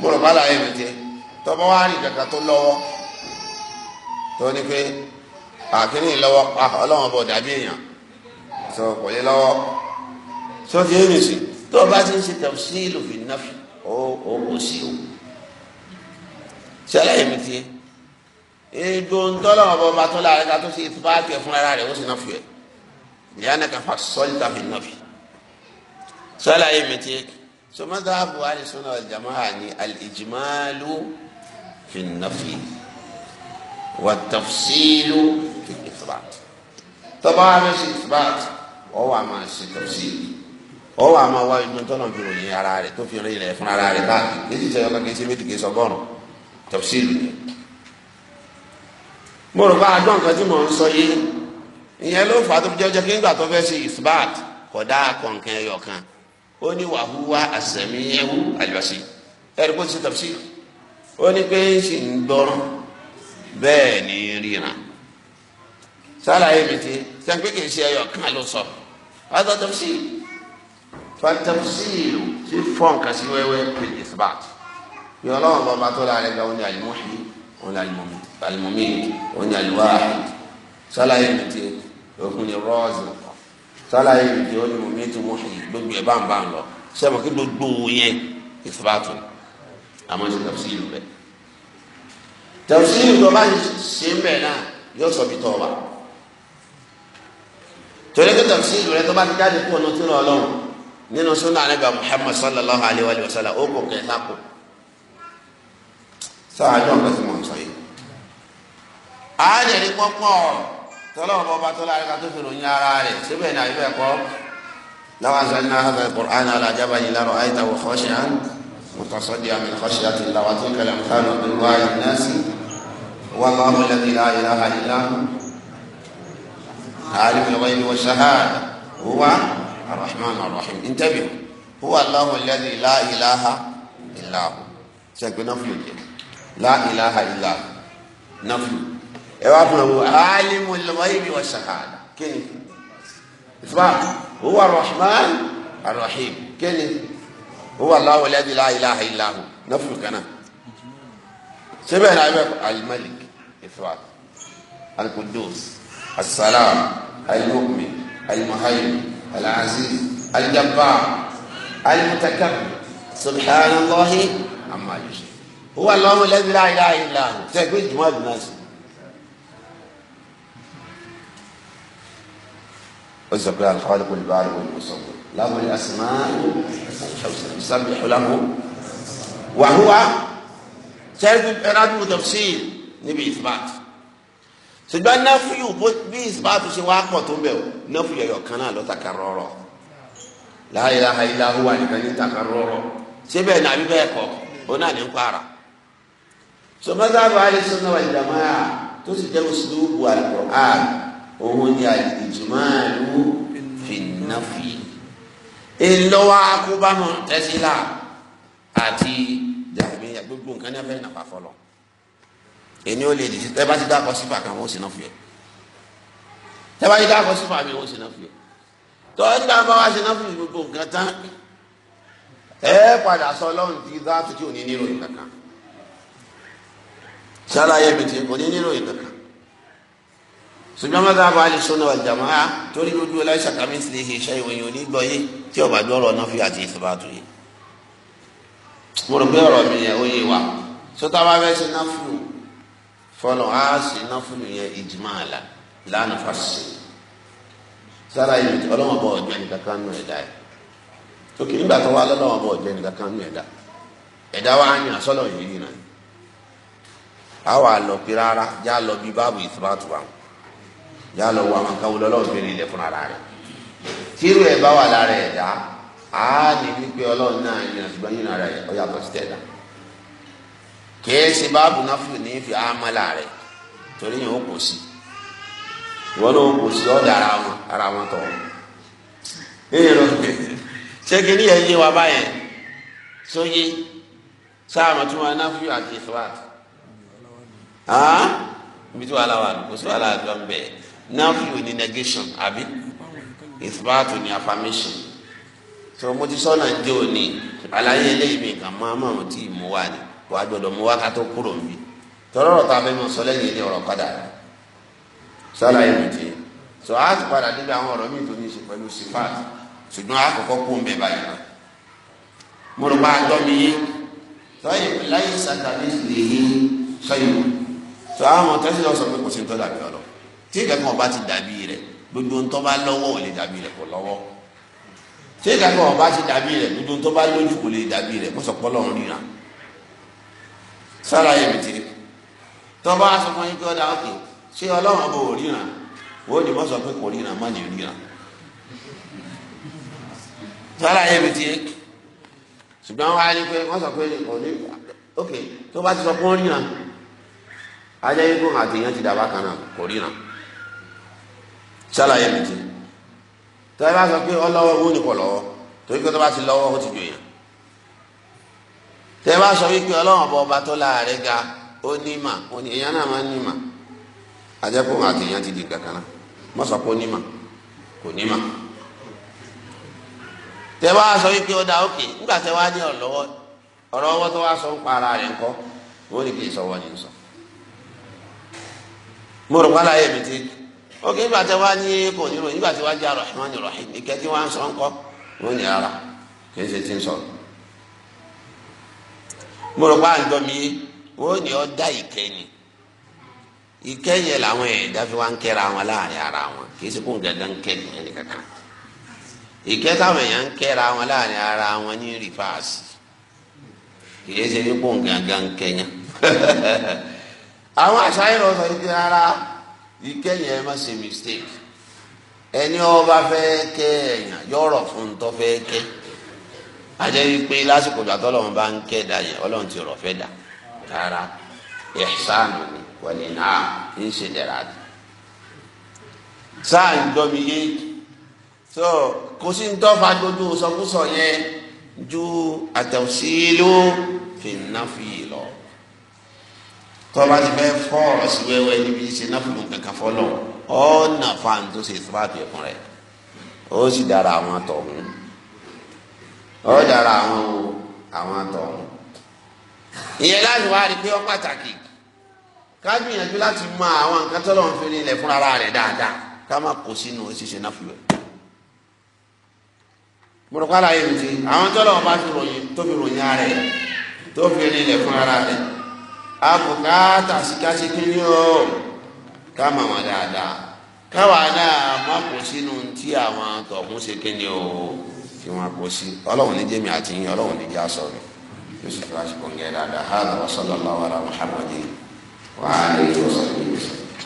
mo rò bá láyé mi ti tó bá wá rí kankan tó lọ́wọ́ tó ní pé àkíní lọ́wọ́ ọlọ́run ọba dàbí èèyàn sọ kò lè lọ́wọ́ sọ ti ẹni sí tó o bá ti ń ṣe tafsilu fi nafi ó ó kò sí o ṣẹlẹ̀ yẹn mi ti yẹ ètò ntọ́lọ́ ọ̀bọ̀ ọba tó láàrin ká tó ṣe ìtura kẹ fún ara rẹ̀ ó sì náà fi ẹ̀ ìyáná kàfà sọ́lítà fi nafi ṣẹlẹ̀ yẹn mi ti yẹ sọ madhabu al-sunna wal jama'a ni al-ijmalu fi nafi wa tafsilu fi ìtura tọ́ba wa fi ṣe ìtura ọwọ́ àmà ṣètò sí i ọwọ́ àmà wá inú tọ́nà fi ròyìn ara rẹ̀ tó fi rìn rẹ̀ fún ara rẹ̀ káàkiri méjì sẹ́yọ́ kankan sí méjì kìí sọgọ́rùn tafsir ni. mo rò bá adó nǹkan tí mò ń sọ yìí ìyẹn ló fà á tó fi jẹ́ kí nígbà tó fẹ́ ṣe isbat kọ̀dá kọ̀ǹkan ẹyọ kan ó ní wàhúwá àsẹ̀mí ẹwú àlùbáṣe ẹ̀rí kó ti ṣe tafsir ó ní pé ń ṣì ń gbọ́ràn bẹ́ẹ̀ ni ríran sálàyé mi ti sẹ́ńpé kì í ṣe ẹyọ kan ló sọ. هذا تفصيل فالتفصيل في فون كسيوي بالإثبات يا الله الله بعثوا على قولنا المحيي على المميت المميت ولا الواحد صلاة يمتي وكن الرازق صلاة يمتي ولا المميت محيي بقى بان بان له سما كده دوية إثبات أما تفصيل به تفصيل طبعا سمعنا يوصل بتوبة torí kí tafsir rẹ tó bá ti jáde kú ọ̀nà tí ó lọ ọlọ́run nínú sunna anabi muhammad sallallahu alayhi wa sallam ó kò kẹ́ ẹ̀ lákò sáájú ọ̀gá tí mo ń sọ yìí. àádẹ́rì pọ́pọ́ tọ́lọ́wọ́ bọba tọ́lá àríkà tó fi ròyìn ara rẹ̀ síbẹ̀ ní àyíbẹ̀ kọ́ lọ́wọ́ àzọ́ni náà hàzà ìkùrán alájábá yìí lárọ̀ àyíta wò kọ́ṣẹ́ án mùtọ́sọ́dì àmì kọ́ṣẹ́ àti ìlàwà tó kẹlẹ̀ mùtánù ìlú àyè náà sí wàlúwàhùn lẹ́bi láàyè láhàyè láhùn. عالم الغيب والشهادة هو الرحمن الرحيم انتبهوا هو الله الذي لا إله إلا هو سيكون نفل لا إله إلا هو نفل هو عالم الغيب والشهادة كيف إثبات هو الرحمن الرحيم كيف هو الله الذي لا إله إلا هو نفل كنا سبحان الملك إثبات القدوس asalaam alimokumi alimahayi alaziz alijabaa alimutakab subhanallahi amalusi huwa alahu lẹbi la ilaha illa hu sẹgbẹ juma bi naa si. o sọ pé alifáàlì kò lè bá àlùkò ní sọgbọ lábòlì asimá sábì xulamu wàhùwà sẹ́yìn ẹ̀rọ adúlù tafsir níbi ìfúbàtì ṣùgbọ́n náfúyù bí ìsìbáàtú ṣe wá pọ̀ tó ń bẹ̀ o náfúyù ẹ̀yọ̀ kan náà ló taka rọrọ la ilaha illa huwa nìkan ní taka rọrọ ṣé bẹ́ẹ̀ ni àbí bẹ́ẹ̀ kọ́ òun náà ní ń para. sọmọdé àbá alẹ́sọ̀nà wà ìdààmú yà tó sì jẹ́ uslubu al-Qur'an òun ni al-ijma'u fi nafi. ìlọ́wọ́ akúbámu tẹ́sílà àti jàmíyà gbogbo nǹkan ní abẹ́rẹ́ nàpá fọlọ́ èmi ò lè dìde tẹ́ bá ti dákọ̀ sífà kan wọ́n sì náà fi ẹ̀ tẹ́ bá ti dákọ̀ sífà mi wọ́n sì náà fi ẹ̀ tọ́ nígbà bá wá sí náà fi gbogbo nǹkan tán ẹ padà sọ lọ́run ti dá tuntun òní níròyìn kankan sálàyé mi ti òní níròyìn kankan ṣùgbọ́n mọ́tò àbọ̀ alìsọ́nà ọ̀jàmọ́ a torí lójú ọláìsà kàmíìsì lè ṣe iṣẹ́ ìwòyìn onígbọ̀ yé tí ọ̀bà gbọ́rọ̀ náà fi àti ìṣẹ̀bà tó yé mo rò pé ọ̀rọ̀ mi yẹn ó wa sọ́tà bá fẹ́ ṣe náà fún fọlọ a sì ná fún mi yẹn ìjìmọ àlà lánàá fásitì sára yìí ọlọ́wọ́n bọ̀ ọ̀jọ́ nìkan kan nù ẹ̀dá yìí òkè nígbà tó wá lọ́wọ́n bọ̀ ọ̀jọ́ nìkan kan nù ẹ̀dá ẹ̀dá wa ń yàn yìí yìí náà a wà lọ pé rárá yà lọ bí báàbù ìtìbátù wa yà lọ wà máa káwọn lọ́wọ́ bẹ̀rẹ̀ ilẹ̀ fúnra rà rẹ̀ tírú ẹ̀ bá wà lára ẹ̀dá a ní wípé ọlọ́run náà yàn ṣùgbọ́n yìí náà rẹ̀ ọ yàtọ̀ sí ẹ̀dá kìí ṣe báàbù náà fún ní fi àmàlà rẹ̀ torí yẹn ó kò sí ìwọ náà ó kò sí ọ̀dà ara wọn ara wọn tọ̀ ẹ̀yẹ lọ ṣé kí ni yẹn yé wa báyẹn sóyè sáà mà tún wà náà fún àti ìfọwà ibi tí wàá láwà kò sí wàá láwà tó náà fún yóò ní negation àbí ìfọwàtò ní affirmation so mo ti sọ náà ń jẹ́ òní àlàyé eléyìí mi kàn máa máa ti mú wa ni wàá gbọ́dọ̀ mú wákàtó kúrò ń bí tọrọ ọ̀rọ̀ tá a fẹ́ mọ sọ lẹ́yìn ilé ọ̀rọ̀ padà sára ẹ̀mí tiẹ̀ sọ á ti padà débi àwọn ọ̀rọ̀ míì tó ní í ṣe pẹ̀lú sifat ṣùgbọ́n àkọ́kọ́ kú ń bẹ báyìí náà mo rò máa dọ́ mi yé sọyìn láyé sátani lè yé sọyìn sọ àwọn tẹ́sí lọ sọ pé kò sí ní tọ́ dàbí ọ̀rọ̀ tí ìkẹ́kọ̀ọ́ bá ti dàbí rẹ̀ gbogbo ntọ́ bá lọ́wọ́ ò lè dàbí rẹ̀ kò lọ́wọ́ tí ìkẹ́kọ̀ọ́ bá ti dàbí rẹ̀ gbogbo ntọ́ bá lójú kò lè dàbí rẹ̀ kó sọ ríran sọ́ra yẹn mi tiri tọ́ba aṣọ fún yín pé ọ̀dà òkè ṣé ọlọ́run ọba ò ríran wọ́n ní wọ́n sọ pé kò ríran má ní ríran sọ́ra yẹn mi tiri ṣùgbọ́n wọ́n á ní pé wọ́n sọ pé kò ní òkè tó bá ti sọ pé ó ríran ajá yín kó àti yẹn ti dàbá kan náà kò ríran sọ́ra yẹn mi tiri tọ́ba sọ pé ọlọ́wọ́ owó ni kò lọ́wọ́ torí pé tó ti lọ́wọ́ ó ti jò yẹn. tẹ sọ wípé ọlọ́run ọba ọba tó láàárẹ̀ ga ó ní mà èèyàn náà máa ní mà àti èèyàn ti di kankan náà sọ pé ó ní mà kò ní mà sọ wípé ó da òkè nígbà wá ní ọ̀rọ̀ ọwọ́ tó sọ ń pa ara rẹ̀ ńkọ́ ní ní sọ mo rò pálá yẹ mi ti òkè nígbà wá ní kò mo rò pé à mi wọ́n ní ọ̀dà ìkẹyìn ìkẹyìn làwọn ẹ̀dá fi wá ń kẹ́ra wọn láàrin ara wọn kì í ṣe kó ń gàgán kẹ́yìn ẹni kankan ìkẹ́ táwọn èèyàn ń kẹ́ra wọn láàrin ara wọn ní rìfáàsì kì í ṣe kó ń gàgán kẹ́yìn *laughs* àwọn àṣàyẹ̀rọ̀ sọ ní rárá ìkẹyìn ẹ má ṣe mistake ẹni ọba fẹ́ kẹ́ ẹ̀yàn yọ̀rọ̀ fún un tó fẹ́ kẹ́ àjẹ́ wípé lásìkò ìgbà tọ́lọ́run bá ń kẹ́ẹ̀dá yẹn ọlọ́run ti rọ̀ dà rárá ìṣàánú ni wọlé náà ń ṣe dẹ̀ra dì. sáà ń dọ́mi yé tó kò sí ń tọ́fà dodo sọkúsọ yẹn ju àtẹ̀wòsílò fìnnáfì lọ. tọ́ba ti fẹ́ fọ́ ọ̀rọ̀ sí wẹ́wẹ́ níbi ṣe náfìlú kankan fọ́lọ́ ọ̀nà fáwọn tó ṣe ìfúnpá tó yẹ fún rẹ̀ ó sì dára àwọn tọ̀hún ọ dára àwọn o àwọn àtọ ìyẹn láti wá rí pé ọ pàtàkì ká gbìyànjú láti mọ àwọn nǹkan tó lọ́n fi rinlẹ̀ fúnra rẹ̀ dáadáa ká má kó sínú ṣíṣe náà fúlẹ̀ mọ̀rọ̀kọ́lá yìí ti àwọn tó lọ́wọ́ bá fi ròyìn tó fi ròyìn ara rẹ̀ tó fi rinlẹ̀ fúnra rẹ̀ àbùkátà síkásí kí ni ó ká mọ̀ wọn dáadáa káwa náà má kó sínú tí àwọn tọ̀kún ṣe kí ni ó kí wọ́n kó sí ọlọ́run ní jẹ́mi àti yín ọlọ́run ní jẹ́ aṣọ rẹ̀ yóò sì fura sí kòǹgẹ́ dáadáa hàlà wa sallallahu ala muhammadin wa alihi wa sahbihi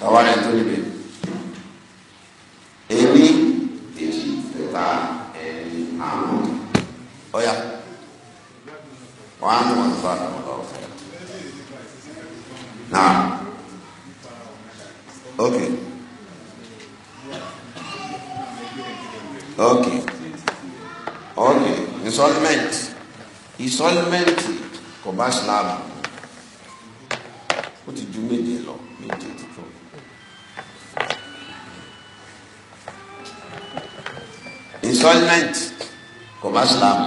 ọwọ́ rẹ̀ tó níbi. èmi èjì ẹ̀ta ẹ̀rin àrùn ọ̀yà wọ́n á mú wọn fún àwọn ọ̀rọ̀ fún ok ok ok installment installment kò bá Islam ó ti ju méje lọ méje ti tó. installment kò bá Islam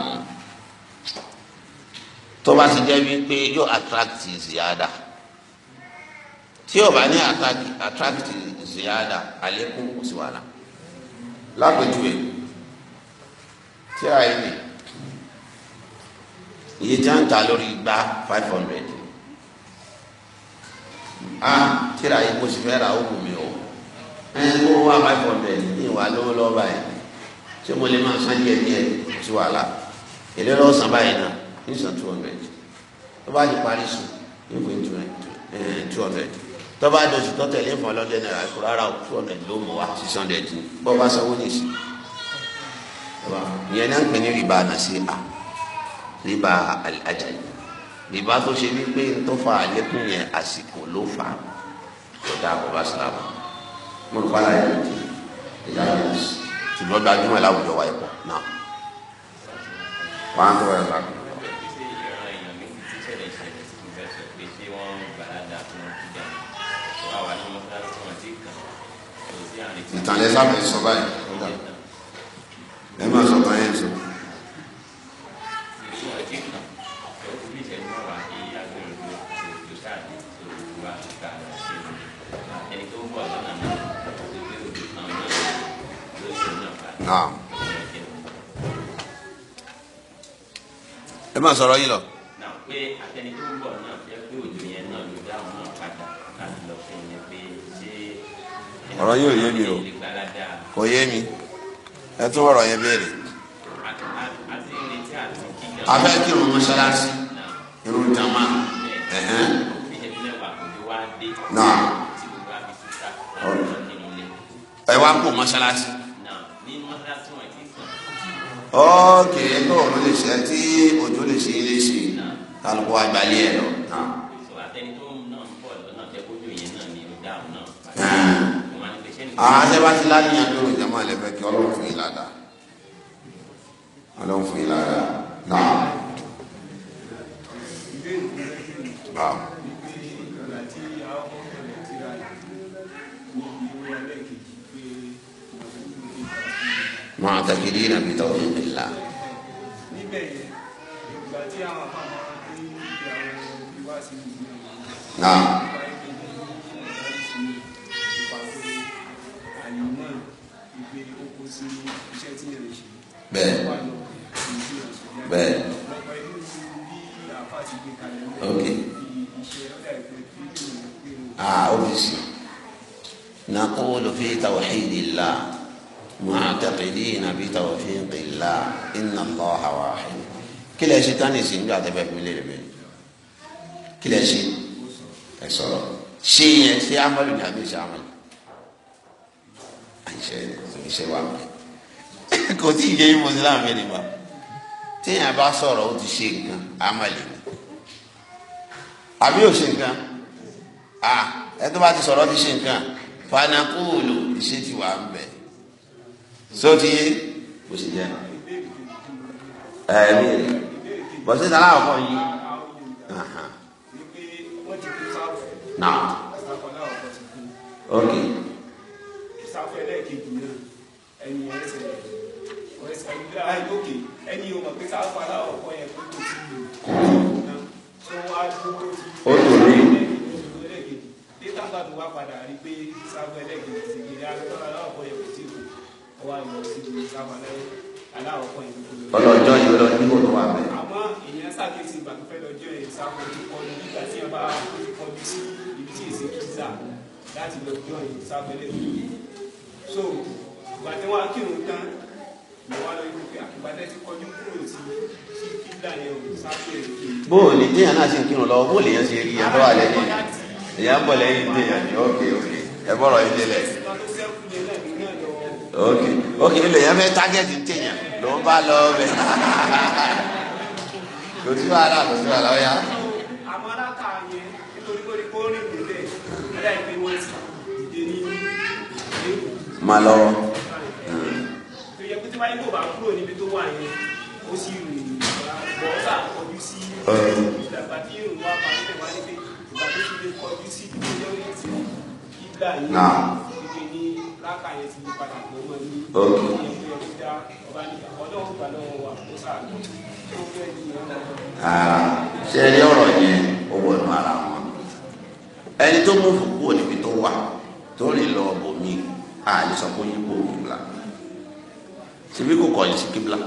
tó bá ti jẹ́ wípé yóò attract ziyada tí o bá ní attract ziyada àlékún kò sí wàhálà lápẹjù ẹ̀ tíra yìí ni iye tí wọ́n ń ta lórí igba five hundred ah tíra yìí mo sì fẹ́ ra owó mi o ẹ ń kó wá five hundred ní ìwà lówó lọ́wọ́ báyìí ṣé mo lè máa san díẹ̀ díẹ̀ sí wàhálà èlé lọ́wọ́ san báyìí náà ní san two hundred tó bá di parí sùn ní ìwé eh, two hundred tó bá di tó tẹ̀lé fún náírà kúrò ara two hundred ló mọ̀ wá six hundred bọ́ bá sanwó nìyí ìyẹn náà ń pè ní rìbá nasi'a rìbá al-ajal rìbá tó ṣe wípé ń tó fa àlékún yẹn àsìkò ló fà á tó dáa kó bá sàlámù mo rò fara yẹn lòdì ìyá yẹn ṣùgbọ́n gbajúmọ̀ láwùjọ wa ẹ̀kọ́ náà wọ́n á tó wáyé ìtàn lẹ́sàbẹ̀ sọ báyìí ẹ máa sọ báyìí sọ. ẹ máa sọ̀rọ̀ yín lọ. pé àtẹni tó ń ọ̀rọ̀ yóò yé mi o kò yé mi ẹ tún wọ̀rọ̀ yẹn béèrè. abẹ́ kí irun mọ́ṣáláṣí irun jama náà ẹ wá kó mọ́ṣáláṣí. ókè kó òun lè ṣe tí òjò lè ṣe ilé ṣe kálukú àgbálẹ̀ ẹ̀ lọ. àtẹ̀bá ti láníyàn tó rò jàmọ́ ẹlẹ́fẹ́ kí ọlọ́run fún yín ládàá ọlọ́run fún yín ládàá náà. Báwo. معتقدين بتوفيق الله نعم Ben. Ben. ok ah obviously نقول في توحيد الله معتقدين بتوفيق الله إن الله واحد كلا شيء تاني سين قاعد باب ملي بين كلا شيء كسرة شيء شيء عمل ولا مش عمل أي شيء شيء عمل kò tí ì jẹ́ yín mùsùlùmí amẹ́rìkà téèyàn bá sọ̀rọ̀ ó ti ṣe nǹkan amọ̀lẹ̀ àbí ò ṣe nǹkan ẹ tó bá ti sọ̀rọ̀ ti ṣe nǹkan fanakóòlù iṣẹ́ ti wà ń bẹ̀ sóti yé kò sì jẹ́ ẹ̀mí rẹ̀ bọ́sẹ̀ tí aláwọ̀ yìí. Now, okay ẹsẹ̀ ìlú àwọn lókè ẹni o mọ̀ pé sáfà aláwọ̀ kọ́ yẹn kó tó ti lò náà tó wá dúró ti lò ó tó rí ẹlẹ́gẹ̀dẹ̀ dẹ́tà gbà tó wá padà rí pé sáfà ẹlẹ́gẹ̀dẹ̀ ti gbèrè aláwọ̀ kọ́ yẹn kó ti lò ó wá yìí lọ ní kòtò wa so ìgbà tí tán bóòlì téèyàn náà sì ń kírun lọ́wọ́ bóòlì yẹn ṣe rí ẹ̀fọ́ wà lẹ́yìn èèyàn ń bọ̀ lẹ́yìn téèyàn ní òkè òkè ẹ̀fọ́ rọ̀ yín délẹ̀ òkè òkè ilẹ̀ yẹn fẹ́ tágẹ́tì téèyàn ló ń bá lọ bẹ̀ kò sí wàhálà kò sí wàhálà ọ̀yà. àwọn aláka yẹn lọ tó bá yẹ kó bá kúrò níbi tó wà yẹn ó sì rè é bọ́ bá kọjú sí ìdàgbà tí èrò wa bá nílẹ̀ wá níbi ìgbà tó ti lè kọjú sí ìdíjọ́ yẹn ti kígbà yẹn ìgbè ní láka yẹn ti lè padà bọ́ mọ́ ní ìgbè yẹn dá ọba nígbà ọlọ́run gbà lọ́wọ́ wa kó sáà tó fẹ́ ní ọ̀nà. ṣé ẹni ọ̀rọ̀ yẹn ó wọnú ara wọn ẹni tó mú fún kúrò níbi tó wà tó rìn lọ bòmí àlè sọ yín kò wù ú ṣebí kò kọ̀yìn sí kíbla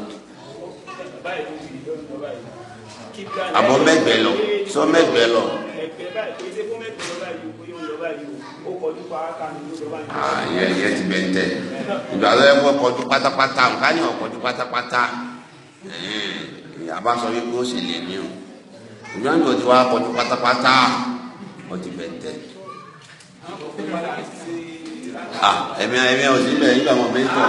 àbọ̀ mẹ́gbẹ́ lọ sọ mẹ́gbẹ́ lọ. ayẹ yẹ ti bẹ n tẹ ìgbà tó yẹ kó kọjú pátápátá nǹkan yẹn kọjú pátápátá àbá sọ wípé ó sì lè ní o ìgbà tó ti wá kọjú pátápátá ó ti bẹ n Ah, ẹ̀mí ẹ̀mí ọ̀sìn bẹ̀ nígbà wọn bẹ́ẹ̀ tọ̀.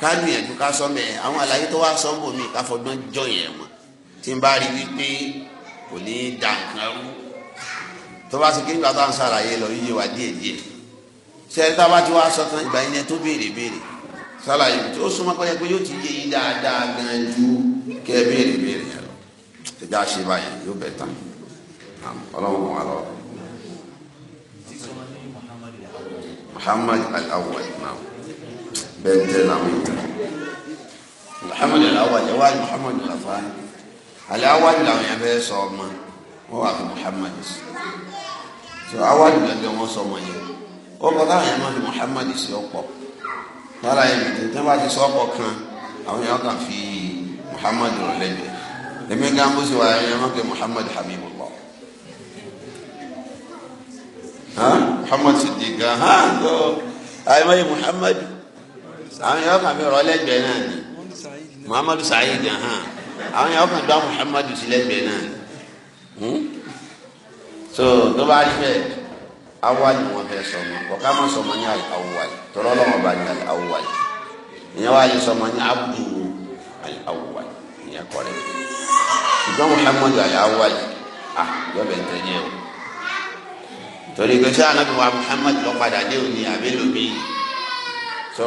ká gbìyànjú ká sọ mẹ àwọn àlàyé tó wá sọ ń bò mí ká fọgbọ́n jọ yẹn wọn tí n bá rí wípé kò ní í da nǹkan rú tó bá ti kí nígbà tó à ń ṣàlàyé lọ yíyé wa díẹ̀ díẹ̀ sẹ́ni tá a bá ti wá sọ tán ìgbà yẹn tó béèrè béèrè ṣàlàyé tí ó súnmọ́ pẹ́yẹ pé yóò ti yé yín dáadáa gan ju kẹ́ béèrè béèrè yẹn lọ ìjà ṣe báyìí yóò bẹ̀ tán ọlọ́run wà lọ. Muhammad al-awwal naam bẹ́ẹ̀ tẹ́ làwọn èèyàn muhammadu alawali wa muhammadu alafani alawali làwọn èèyàn bẹ́ẹ̀ sọ ọmọ wọn wà fún muhammadu sọ awali lọ́jọ́ wọn sọ ọmọ yẹn ó kọ́ táwọn èèyàn máa fi muhammadu sí ọ̀pọ̀ lára ẹ̀mí tó tẹ́ bá ti sọ ọ̀pọ̀ kan àwọn èèyàn kan fi muhammadu rẹ̀ lẹ́gbẹ̀ẹ́ lẹ́mí gan bó ṣe wà ẹ̀yàn máa fi muhammadu habibullah muhammadu sadiq gan hàn lọ àyè muhammadu àwọn yẹn ọkàn mi rọ lẹ́gbẹ̀ẹ́ náà ni muhammadu saheed hàn àwọn yẹn ọkàn gba muhammadu sí lẹ́gbẹ̀ẹ́ náà ni hmm? so tó bá rí bẹ́ẹ̀ awa ni wọn fẹ́ sọmọ kọká má sọmọ ní awwal tọrọ lọmọ bá ní awwal ìyẹn wàá yẹ sọmọ ní abudu awwal ìyẹn kọrẹ ṣùgbọ́n muhammadu awwal ah yọ bẹ n tẹ yẹ o torí pé anabi wa muhammadu lọ padà dé òní àbẹ lómi so.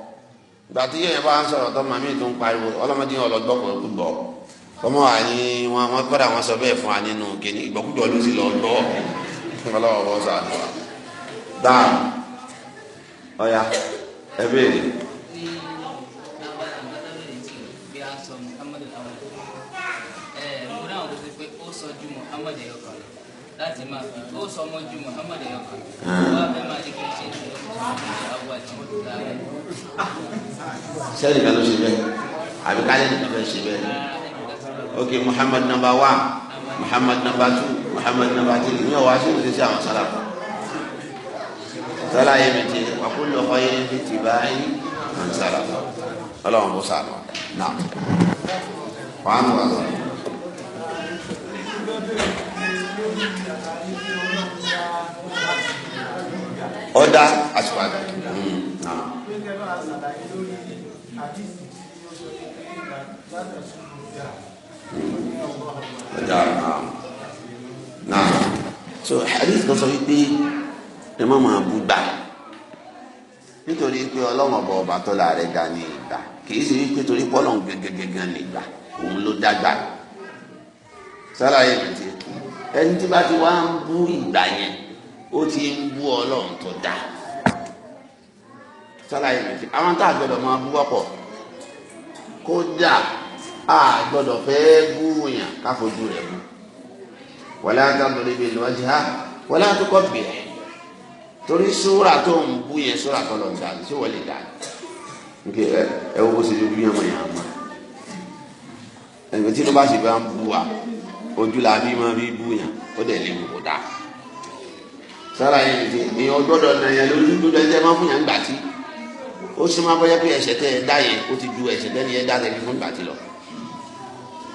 ìgbà tí yẹn bá ń sọ̀rọ̀ tó màmí tó ń pariwo ọlọ́mọdé yẹn ọlọ́gbọ́ kò kú ọmọ wa ni wọn wọn kọ́ra wọn sọ bẹ́ẹ̀ fún wa nínú kíni ìgbọ́kújọ ló sì lọ gbọ́ ọlọ́wọ́ sàdùn wa dáa ọ̀ya ẹ béèrè. láti máa fi ó sọ ọmọ ju Muhammad ẹ̀yọ̀kan ah. wá bẹ́ẹ̀ máa ní kí n ṣe ìṣẹ̀lẹ̀ àwọn àti ìdára. kan ló ṣe bẹ́ẹ̀ àbí kálí nìkan fẹ́ ṣe bẹ́ẹ̀ ok Muhammad number one Muhammad number two Muhammad number three ní ọ̀wá sóòtú sí àwọn sálàkù sálà yẹn mi ti wà lọ ọ yẹn fi ti báyìí àwọn sálàkù ọlọ́run bó sálọ náà wàá nù wàá sọ. ọ̀dà àsìkò àgbà. so hadith kan sọ wípé ẹ má máa bú gbà nítorí pé ọlọ́run ọba ọba tó la rẹ̀ ga ní ìgbà kìí ṣe wípé torí pọ́lọ̀ gẹ́gẹ́gẹ́gẹ́ ní ìgbà òun ló dágbà sálàyé mi ti ẹni tí bá ti wá ń bú ìgbà yẹn ó ti ń bú ọlọ́run tó dá sálàyé mi fi àwọn tá a gbọ́dọ̀ máa bú wọ́pọ̀ kódà a gbọ́dọ̀ fẹ́ bú yàn káfojú rẹ̀ bú wàlá àtàlórí bíi lọ́jì ha wàlá àtúkọ̀ bìrẹ̀ torí sóra tó ń bú yẹn sóra tó lọ dà sí wọlé dà nke ẹ ẹ wo bó ṣe bí yàn mọ̀ yàn mọ̀ ẹnìkan tí ló bá ṣe bá ń bú wa ojú la bí máa bí bú yàn ó dẹ̀ lè wò ó sára yìí ti èèyàn gbọ́dọ̀ nàyàn lórí gbọ́dọ̀ ẹjẹ máa fún yàn gbàtí ó sì máa bọyá pé ẹ dá yẹn ó ti ju ni ẹ dá tẹbi fún lọ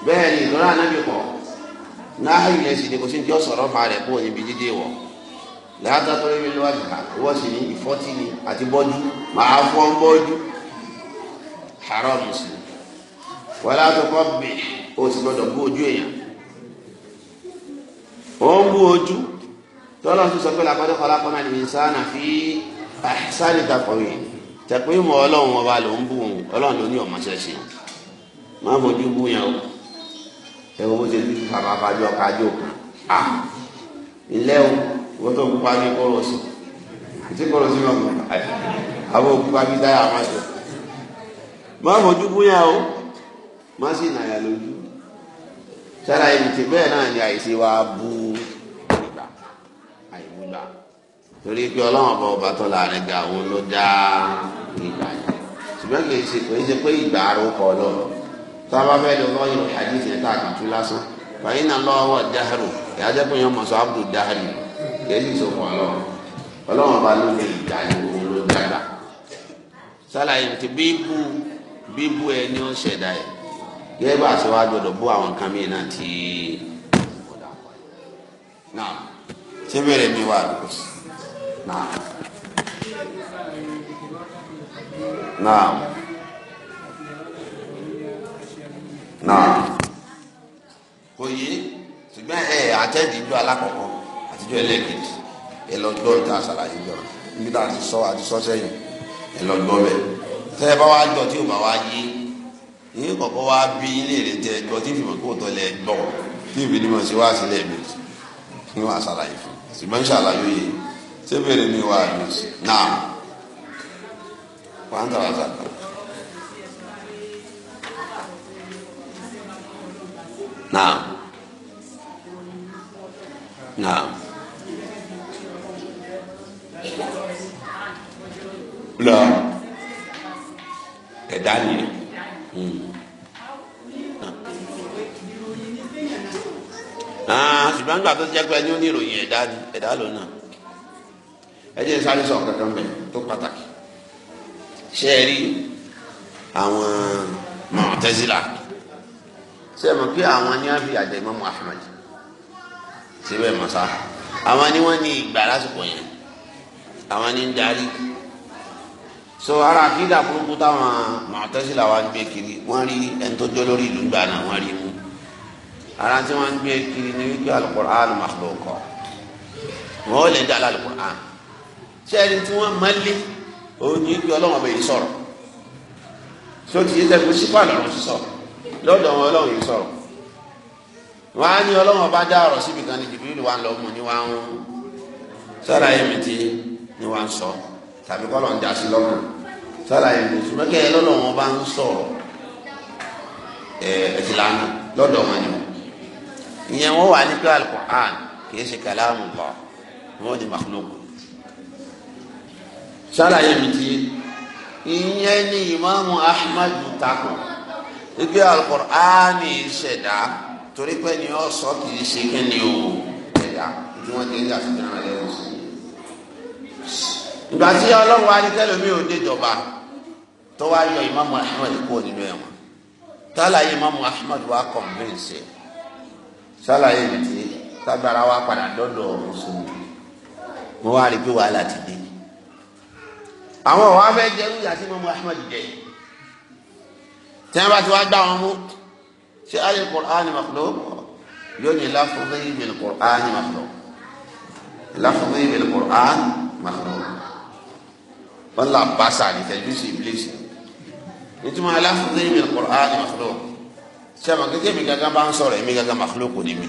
bẹ́ẹ̀ ni ìlọrin anábì pọ náà yìí lẹsìn ni kò sí ní ọ sọ̀rọ̀ fa kó o níbi dídé láàtà tó rí lọ́wọ́ wọ́n sì ní ìfọ́tí ni àti bọ́jú fọ́ ń bọ́jú tọ́lọ́ tún sọ pé làkọ́dé kọ́lákọ́ náà lè sá náà fi sáré takọ̀wé tẹ̀pé mọ́ ọlọ́run ọba ló ń bù wọn ọlọ́run ló ní ọmọ ṣẹ̀ṣẹ̀ má fojú bú yẹn o ẹ̀wọ̀n bó ṣe dúdú fàmà fàájú ọ̀kájú òkun à ilé o wọ́n tó kú pàmí kọ́rọ̀ sí tí kọ́rọ̀ sí mọ̀ àbọ̀ kú pàmí dáyà má jọ má fojú bú yẹn o má sì nàyà lójú sára ibi tí bẹ́ẹ̀ náà ni àìsí wa bú u. torí pé ọlọ́run ọba ọba tó láàrin ga òun ló dá ìgbà yẹn ṣùgbọ́n kì í ṣe í ṣe pé ìgbà ọlọ́run a bá fẹ́ lọ tá a tú lásán fàyín náà lọ́wọ́ pé sọ abdul ọlọ́run ló ní ìgbà yẹn òun ló dàgbà sálàyé ti bíbú bíbú ẹ ní ẹ bá a ṣe wá bú àwọn nǹkan náà tí نعم نعم نعم kò yé ṣùgbọ́n ẹ àtẹ́jú ìjọ alákọ̀ọ́kọ́ àtijọ́ ẹlẹ́ẹ̀kejì ẹ lọ gbọ́ ìta àṣàlàyé jọ níbi tá a ti sọ àti sọ sẹ́yìn ẹ lọ gbọ́ bẹ́ẹ̀ tẹ́ ẹ bá wá jọ tí ò bá wá yé yín kọ̀ọ̀kan wá bí ilé rẹ̀ tẹ ẹgbọ́ tí fìmọ̀ kó tọ́ lẹ gbọ́ tí ìbí ni mo ṣe wá sílẹ̀ mi ni wọ́n àṣàlàyé fún ṣé bèrè mi wà lóṣù náà não não Naam. Naam. Lọ. Hmm. ah se Ṣùgbọ́n nígbà tó jẹ́ pé ẹni ó ní é ẹ̀dá ni ẹ̀dá lòun náà ẹ jẹ́ sáré sọ kankan bẹ̀ tó pàtàkì ṣé ẹ rí àwọn Mu'tazila ṣé ẹ mọ̀ pé àwọn ni wọ́n fi àjẹ́ Imam Ahmad síbẹ̀ mọ̀sá àwọn ni wọ́n ní ìgbà lásìkò yẹn àwọn ni ń darí so ara àkídà burúkú táwọn Mu'tazila wa ń gbé kiri wọ́n rí ẹni tó jọ lórí ìlú gbà náà wọ́n rí mú ara tí wọ́n ń gbé kiri ni wípé Al-Qur'an makhluq kọ́ wọ́n lè dá al sẹ́ni tí wọ́n máa lé òun ní pé ọlọ́run ọba yìí sọ̀rọ̀ tó ti yé sẹ́kù sípà lọ́rùn sí sọ̀rọ̀ lọ́dọ̀ wọn ọlọ́run yìí sọ̀rọ̀ wọ́n á ní ọlọ́run ọba dá ọ̀rọ̀ síbi kan ní jìbìrì wa ń lọ mọ̀ ní wa ń sọ̀rọ̀ ayé mi ti ní wa ń sọ tàbí kọ́ lọ́n já sí lọ́rùn sọ̀rọ̀ ayé mi ṣùgbọ́n kẹ́ ẹ lọ́dọ̀ wọn bá ń sọ̀rọ̀ ẹ̀ ẹ̀ ti lánà lọ́dọ̀ wọn ni ìyẹn wọn wà ní pé Al-Qur'an kì í ṣe kàlámù lọ wọn ò ṣàlàyé mi ti ìyẹn ni ìmáàmù Ahmad takò ibi alukur'ani ṣẹ̀dá torí pé ni ó sọ kì í ṣe kí ni o ṣẹ̀dá tí wọ́n ti ń yà sí ìdáná lẹ́yìn sí ìgbà tí ọlọ́run alikẹ́lómi ò dé jọba tó wá yọ ìmáàmù Ahmad kúrò nínú ẹ̀wọ̀n sálàyé ìmáàmù Ahmad wa kọ̀m̀pẹ́ǹsì sálàyé mi ti tábàrà wa padà dọ́dọ̀ mùsùlùmí mo wá rí i pé wàhálà ti dé àwọn wàá fẹ́ jẹrú ìyá sí mọ́mú ahmed jẹ tí wọ́n bá ti wá gbá wọn mú ṣé ayé kùránì makhluq yóò ní láfúnfẹ́ yìí bẹ̀rẹ̀ kùránì makhluq láfúnfẹ́ yìí bẹ̀rẹ̀ kùránì makhluq wọ́n là bá sàlì tẹ̀jú sí ìbílẹ̀sì nítorí wọn láfúnfẹ́ yìí bẹ̀rẹ̀ kùránì makhluq ṣé àwọn mi gángan bá ń sọ̀rọ̀ èmi gángan makhluq kò ní mi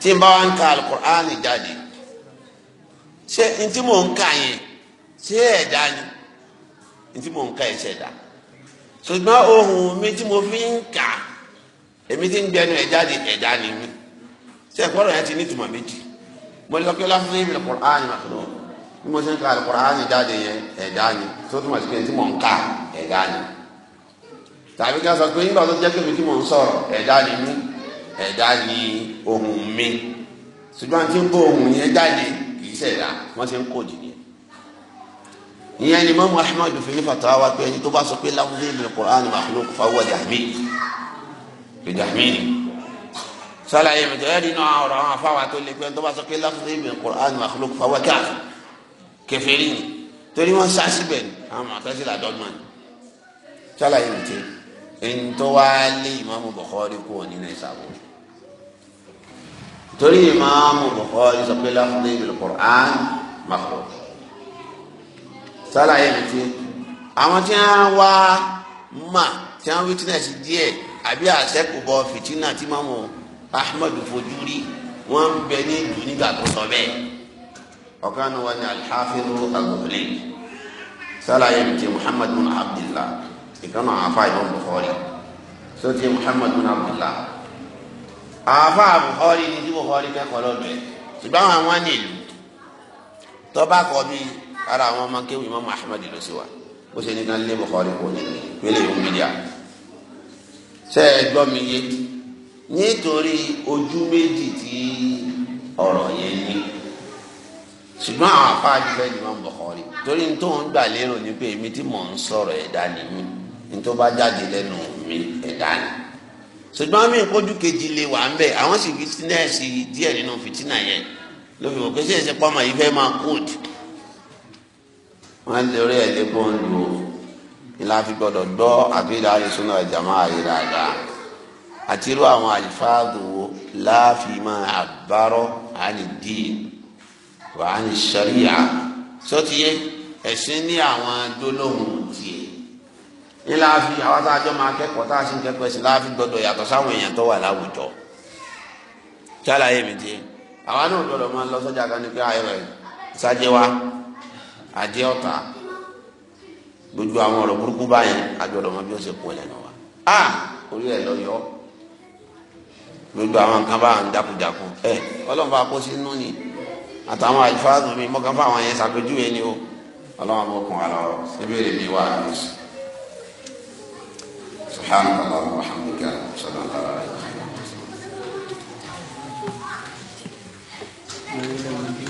tí n bá wá ń ka alukur'ani jáde ṣé n mò ń kà yẹn ṣé ẹ̀dá ni ntí mò ń ka ẹ̀ṣẹ̀ dá ṣùgbọ́n ohun mi tí mo fi ń kà èmi ti ń gbẹnu ẹ̀ jáde ẹ̀dá ni mi ṣe ẹ̀kọ́rọ̀ yẹn ti ní ìtumọ̀ méjì mo lọ kí ọlá fún mi lọ kọ̀ọ̀rọ̀ ààyè màkà lọ bí mo ṣe ń ka àlùkọ̀rọ̀ ààyè jáde yẹn ẹ̀dá ni tó túmọ̀ sí pé ntí mò ń ka ẹ̀dá ni tàbí ká sọ pé nígbà tó jẹ́ kébi tí mò ń sọ̀rọ̀ ẹ̀dá ni mí ẹ̀dá ni ohun mi ṣùgbọ́n tí ń bó ohun yẹn jáde kì í ìyẹn ni mọ́mú ahmed fi ní fatawa wa pé ẹni tó bá sọ pé láwùjọ ìlú Qur'an makhluk fáwọn jahmi jahmi ni sálàyé mi tẹ́lẹ̀ nínú ọ̀rọ̀ àwọn afáwa tó lè pé ẹni tó bá sọ pé láwùjọ ìlú Qur'an makhluk fáwọn káfí kèfèrí ni torí wọn sá síbẹ̀ ni àwọn màtọ́sí là dọ́gba ni sálàyé mi tẹ́ ẹni tó wá lé ìmáàmù Bukhari kú wọn nínú ìsàbò torí ìmáàmù Bukhari sọ pé láwùjọ ìlú Qur'an makhluk sálàyé mi ti àwọn tí wọn wá mà tí wọn witness díẹ̀ àbí àṣẹkùbọ fìtínà tí mọmọ Ahmed fojú rí wọn ń bẹ ní ìlú nígbà tó sọ bẹ́ẹ̀ ọkàn ni wọn ni alhafiru agbọnlẹ sálàyé mi ti Muhammad bin Abdullah ìkànnà àfa ìbọn Bukhari sọtí Muhammad bin Abdullah àfa Bukhari ni tí Bukhari kẹ́kọ̀ọ́ lọ́dọ̀ ẹ ṣùgbọ́n àwọn ní ìlú tọba kọ bíi ara àwọn ọmọ kéwì Imam Ahmad ló sì wà ó ṣe ní kan lé Bukhari kò ní pélé ìhun mídíà ṣe é gbọ́ mi yé nítorí ojú méjì tí ọ̀rọ̀ yẹn ní ṣùgbọ́n àwọn afá àjùfẹ́ ni wọ́n Bukhari torí n tó ń gbà lérò ni pé èmi tí mò ń sọ̀rọ̀ ẹ̀dá ni mí n tó bá jáde lẹ́nu mi ẹ̀dá ni ṣùgbọ́n mi kojú kejì lè wà ń bẹ̀ àwọn sì fitinẹ́ẹ̀sì díẹ̀ nínú fitinà yẹn ló fi wọ́n pé ṣé ẹ̀ṣẹ̀ máa kóòdù wọ́n lórí ẹ̀ lé bọ́ǹdù o ìlà fi gbọ́dọ̀ gbọ́ àbílà àrísúná ìjàmá ayé dáadáa àti irú àwọn àlìfáàdù wo láàfin máa àbárọ̀ àlìdí wà á ní sàríyà sọ́tìyẹ ẹ̀sìn ní àwọn gbólóhùn tiẹ̀ ìlà fi àwọn tá a jọ máa kẹ́kọ̀ọ́ tá a sì ń kẹ́kọ̀ọ́ ẹ̀sìn láàfin gbọ́dọ̀ yàtọ̀ sáwọn èèyàn tó wà láwùjọ ṣàlàyé mi tiẹ̀ àwa náà gbọ́dọ̀ máa lọ sọ́jà kan ní pé ayọ̀ rẹ̀ sájẹ́ wa àjẹ ọ̀tá gbogbo àwọn ọ̀rọ̀ burúkú báyìí àjọ̀dọ̀ ọmọ bí ó ṣe kú ẹlẹ́nu wa a orí ẹ̀ lọ yọ gbogbo àwọn nǹkan bá ń dákújákú ẹ ọlọ́run bá kó sínú ni àtàwọn àìfáàzù mi mọ́kàn fún àwọn yẹn ṣàpèjúwe ni o ọlọ́run bó kún wa lọ ìbéèrè mi wà ní oṣù subhanahu wa rahmatulahi sallallahu alayhi wa sallam.